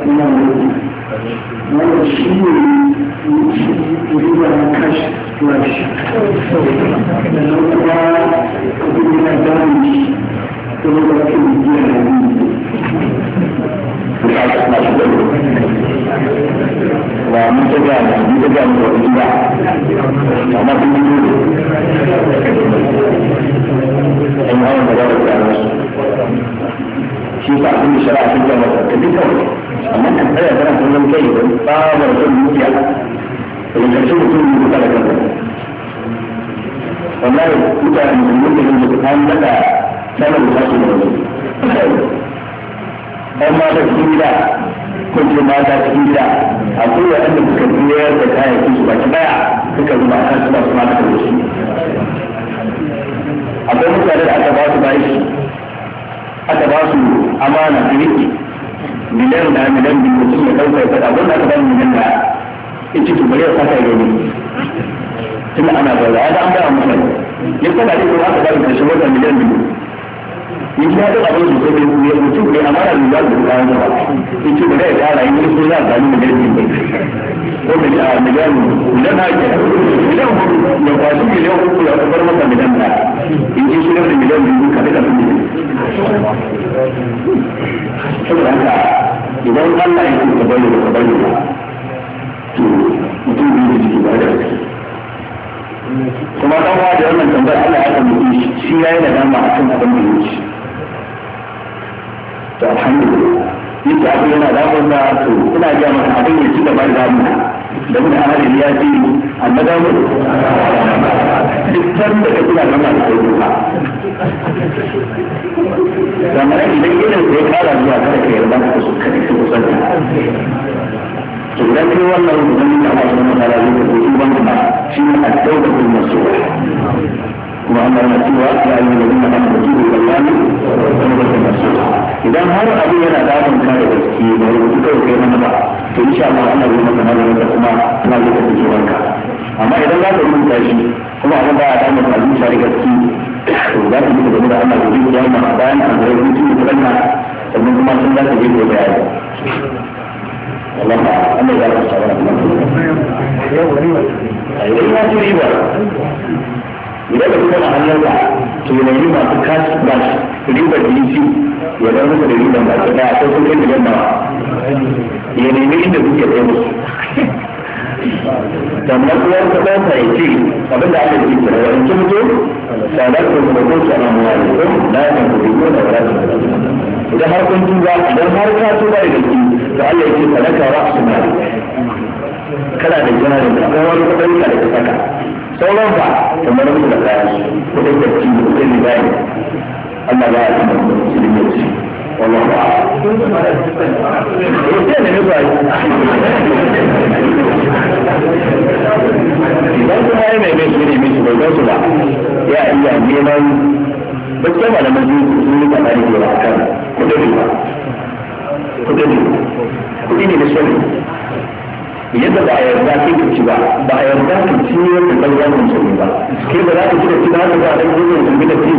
ba wannan shi ne shi ne na kashi kashi da nan kuma abin yana damun shi kuma ba ka yi biyan da wa mun ta ga mun ta ga mun ta ga amma kun yi ne an hawa da zarar da nasu shi sa abin da shari'a sun ga masa ta dukkan amma kan tsaya tana sun zama kai da tsabar son dukiya da karshe mutum ne kuka da kanka wallahi mutane da mutum da an daga sanar da su da wani ɗan mata cikin gida ko ce mata cikin gida akwai waɗanda suka biyar da kayayyakin su baki daya suka zuba a kan su masu mata da shi akwai mutane da aka ba su bashi aka ba su amana su riƙe miliyan da miliyan biyu mutum ya ɗauka ya faɗa wanda aka ba su miliyan da in ci tubali ya saka gani tun ana ba ya ga an ba a mutane ya faɗa ne ko aka ba su ƙarshen wata miliyan biyu in ya taɓa yin mutum ya mutum bai amara da zaɓi da kayan gaba in ce bada ya kara in yi za a gani da gani bai ko da ya miliyan miliyan hake miliyan hudu ya kwashi miliyan hudu ya kafar masa miliyan ɗaya in ji da miliyan biyu ka da su miliyan saboda haka idan Allah ya kuka bayyana ka bayyana to mutum bai da jiki ba da gaske kuma dan wa da wannan tambayar Allah ya tambaye shi shi yayi da dama akan abin da to alhamdulillah yadda abu yana damun da to ina ga masa abin da ci gaba da mu da mun ahadin ya ce annaba mu duk da ka kula nan da duka kamar idan irin sai kara zuwa kada ka yarda ka su kada ka to idan kai wannan rubutu da Allah subhanahu wa ta'ala ya rubuta ba shi ne addabatul masuha kuma an cewa ya yi da wani an mutu da wallahi wani da kuma su idan har abu yana damun ka da gaske da rubutu kawai kai mana ba to insha Allah ana yi maka maganin ka kuma ana yi ka kike wanka amma idan za ka rubuta shi kuma abin ba ya damun ka zuciya da gaske to za ka yi da Allah gobe bayan an zai mutu da kanka sannan kuma sun za ka je Allah ba ya yau idan ka kuma hanyar hannunka to yi masu kashi ba shi ribar jinsi ya zama musu da ribar ba su daya sai kun kai miliyan nawa ya nemi inda kuke kai musu sannan kuma ka ya ce abinda aka ce ke da wani kimto sadar da kuma ko ke amuwa ne ko na yakan ku ko da wala da idan har kun tuba idan har ka tuba da gaske to Allah ya ce sadaka ra'su mali kana da jana da kuma wani kuɗin da ka saka sauran ba kamar su da kayan su kudin da ci da kudin libayi Allah ya yi da musulmi ya ci wallah ba ya ce ne ne ba yi idan kuma ya mai mai su ne mai su bai su ba ya iya neman bakke malaman yi su ne kamar yi wa kan kudin riba kudin ne da shirin yadda ba a yarda sai ka ba ba a yarda ka ci da sauran musulmi ba ke ba za ku ci da ci ba a dan gudu musulmi da ci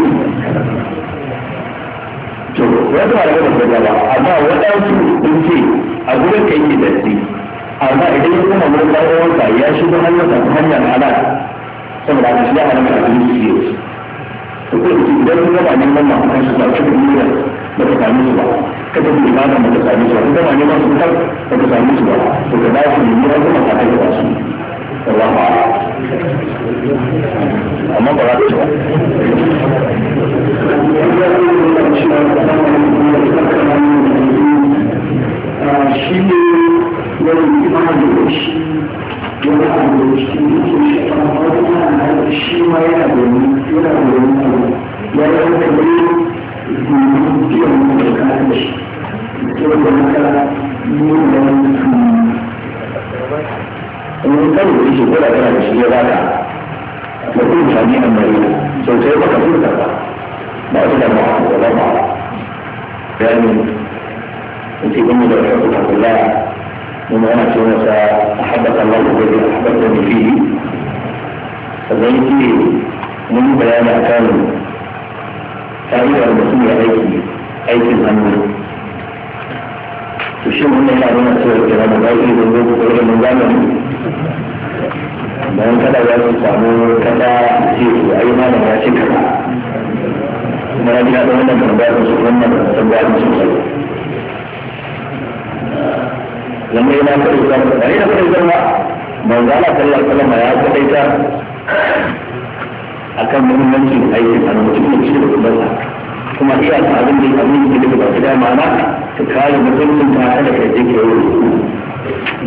to wata ba da ba ba amma wadansu sun ce a gurin kai ke datti amma idan ya kuma gurin ɗan'uwansa ya shigo hanyar ta hanyar halal saboda ka shiga halal ka kuma ci yau to ko idan ka ba neman ma kan shi ba ka kuma da ta sami su ba ka ga imama da ka same su ko ma neman su kar da ka su ba to ka dawo ku nemi wani kuma ka ba su Allahu a'lam amma ba za ta ci ba shi ne wani imama da shi yana da shi ne shi amma wani yana da shi ma yana da yana da yana da in kan da yake kula kana da shi ya baka da kuma sami an bari sosai baka furta ba ba su da ba da ba ba yani in ce kuma da wasu da kula kuma yana ce masa ahabbaka Allah ko da ahabbaka ni fi sannan yake mun bayani akan tarihar da su ne aiki aikin hannu to shi wannan ya nuna cewa kira da zai iya zango ko ilimin zamani bayan kada za su samu kada ce su ayi ma da ya ce kaza kuma na gina da wannan tambayar su wannan ba su sosai lalle na zama da da kai zama manzala sallallahu alaihi wasallam ya kadaita akan muhimmancin aikin a mutum shi da kubarsa kuma iya ta abin da abin da daga ba da mana ta kare mutuncin ta ta da kai ke wuri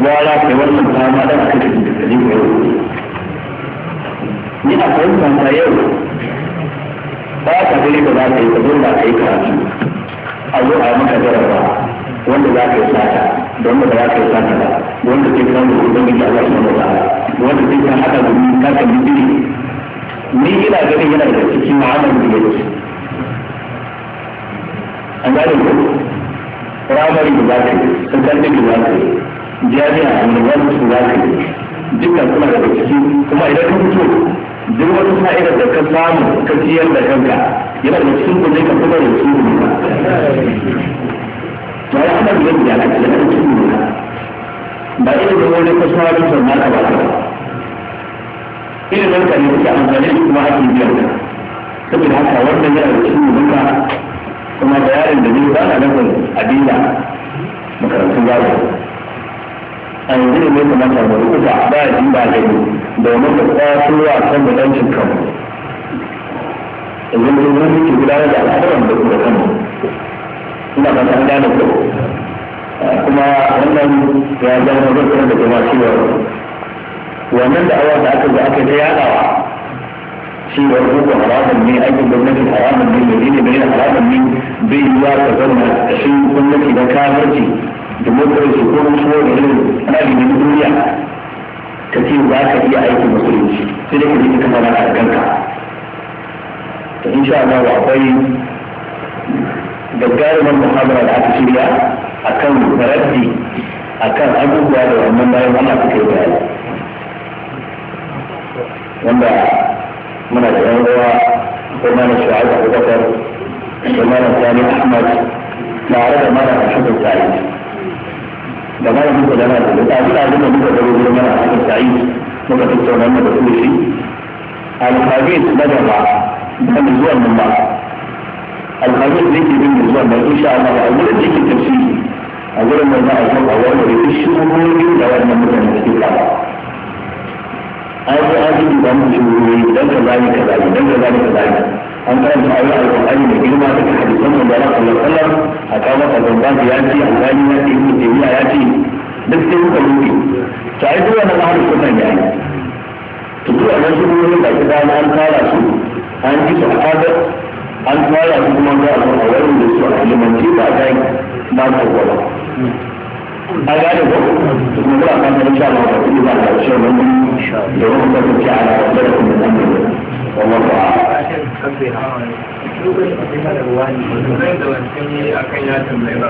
gwara kai wannan ta ma da aka tafi da kai ke wuri ni a fahimta ta yau ba ka gani da za ka yi kabin da ka yi karatu a zo a maka jarabawa, wanda za ka yi sata da wanda ba za ka yi sata ba wanda ke kan da ubangiji Allah subhanahu wa ta'ala wanda ke kan haka da ni ka kan kai yana da cikin ma'anar da yake an gane ko primary da za ka yi secondary da za ka yi jami'a da university za ka yi dukkan suna daga ciki kuma idan ka fito duk wata fa'idar da ka samu ka ciyar da kanka yana da cikin kuɗi ka kuma da su ne to ya ana biyar da ya ka da cikin ba ita da wani kasuwa da ba ka ba ilimin ka ne kuke amfani da kuma ake biyar da saboda haka wannan yana da cikin duka kuma da yaron da zai bana nufin adila makarantun gado a yanzu ne mai kamata mu rubuta ba ya jin ba gani domin da kwaso a kan mutuncin kanmu yanzu mun yi muke gudanar da al'amuran da kuma kanmu ina ba ta gane ko kuma wannan ya zama zai da kuma cewa wannan da awa da aka zo aka ta yadawa shi da wani ko haramun ne aikin gwamnati haramun ne da ne bayan haramun ne bai yi wa ka zauna da shi gwamnati na kafirci da motarci ko musuwa da yin ɗalibin duniya ka ce za ka iya aikin musulunci sai da kuma ita fara a kanka to insha Allah akwai gaggarumar muhammara da aka shirya akan raddi akan abubuwa da wannan bayan Allah suka yi bayani wanda muna da yan ruwa akwai mana shu'aib abubakar da mana sani ahmad tare da mana ashirin sa'id da mana muka da mana da tsari tsari da muka zaro gurin mana ashirin sa'id muka tattauna mana da su shi alhabis na gaba da zuwan nan ba alhabis ne ke bin da zuwan nan insha Allah a gurin da yake tafsiri a gurin da za a zo a warware duk shi da wannan mutane da suke kawo ai sai an ji duba musu wuri dan ka zani ka zani dan ka zani ka zani an karanta ayi alƙur'ani da girma da hadisan manzo Allah sallallahu alaihi wasallam a kawo masa zamba ya ce alƙali ya ce ibnu taymiya ya ce duk sai muka rufe to ai duk wannan ahlus sunna ne ai to duk wannan su ne da kida an fara su an ji su al'ada an fara su kuma ga a wurin da su a limanci ba dai ba ta gwada an gane ko kuma muna fata ta kuma da shi wannan da wannan kuma ala da kuma da kuma wannan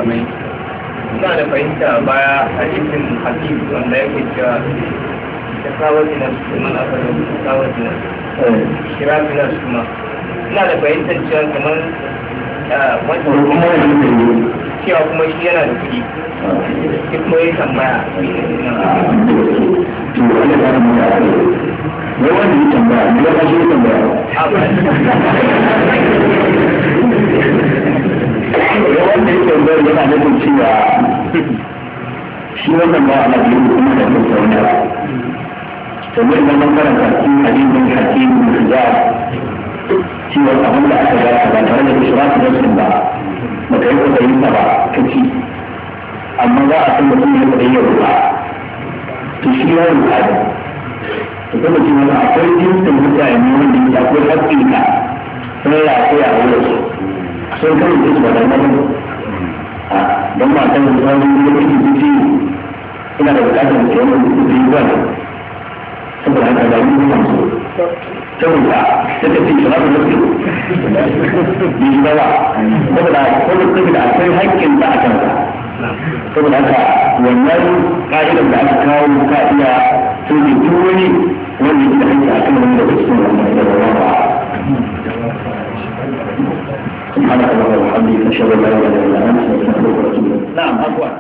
ba ina da fahimta baya hadisin hadis wanda yake su da ta kawo dinar kira su ina da fahimtar cewa kamar ah, wancan cewa kuma yana da kuɗi shi kuma yi tambaya to wani ba mu ne wani yi tambaya ne ba yi tambaya ne wanda yi tambaya yana nufin cewa shi wannan ba a lafiya kuma da tattauna kamar da man karanta cikin hadisin hakimin da cewa abin da aka gaya ba tare da ishirafi da sun ba ba ta yi ba ta yi ba ta Allah akan berkata kepada ia pula Kisah yang ada kan? Kita macam mana apa yang dia terbuka yang memang dia tak boleh hatikan Selah ke yang urus So kan itu sebabnya mana tu Dan makan sebab dia boleh pergi kisi Kena ada berkata macam mana dia boleh pergi kisi Sebab dia tak ada yang berkata saboda suka ce shi rabu mutu bi shi bawa saboda kuma saboda akwai haƙƙin ba a kansa saboda haka wannan ka'idar da aka kawo ka iya sun ji duk wani wanda yake da a kan wani daga su da ba سبحانك اللهم وبحمدك نشهد ان لا اله الا انت نستغفرك ونتوب اليك نعم اقوى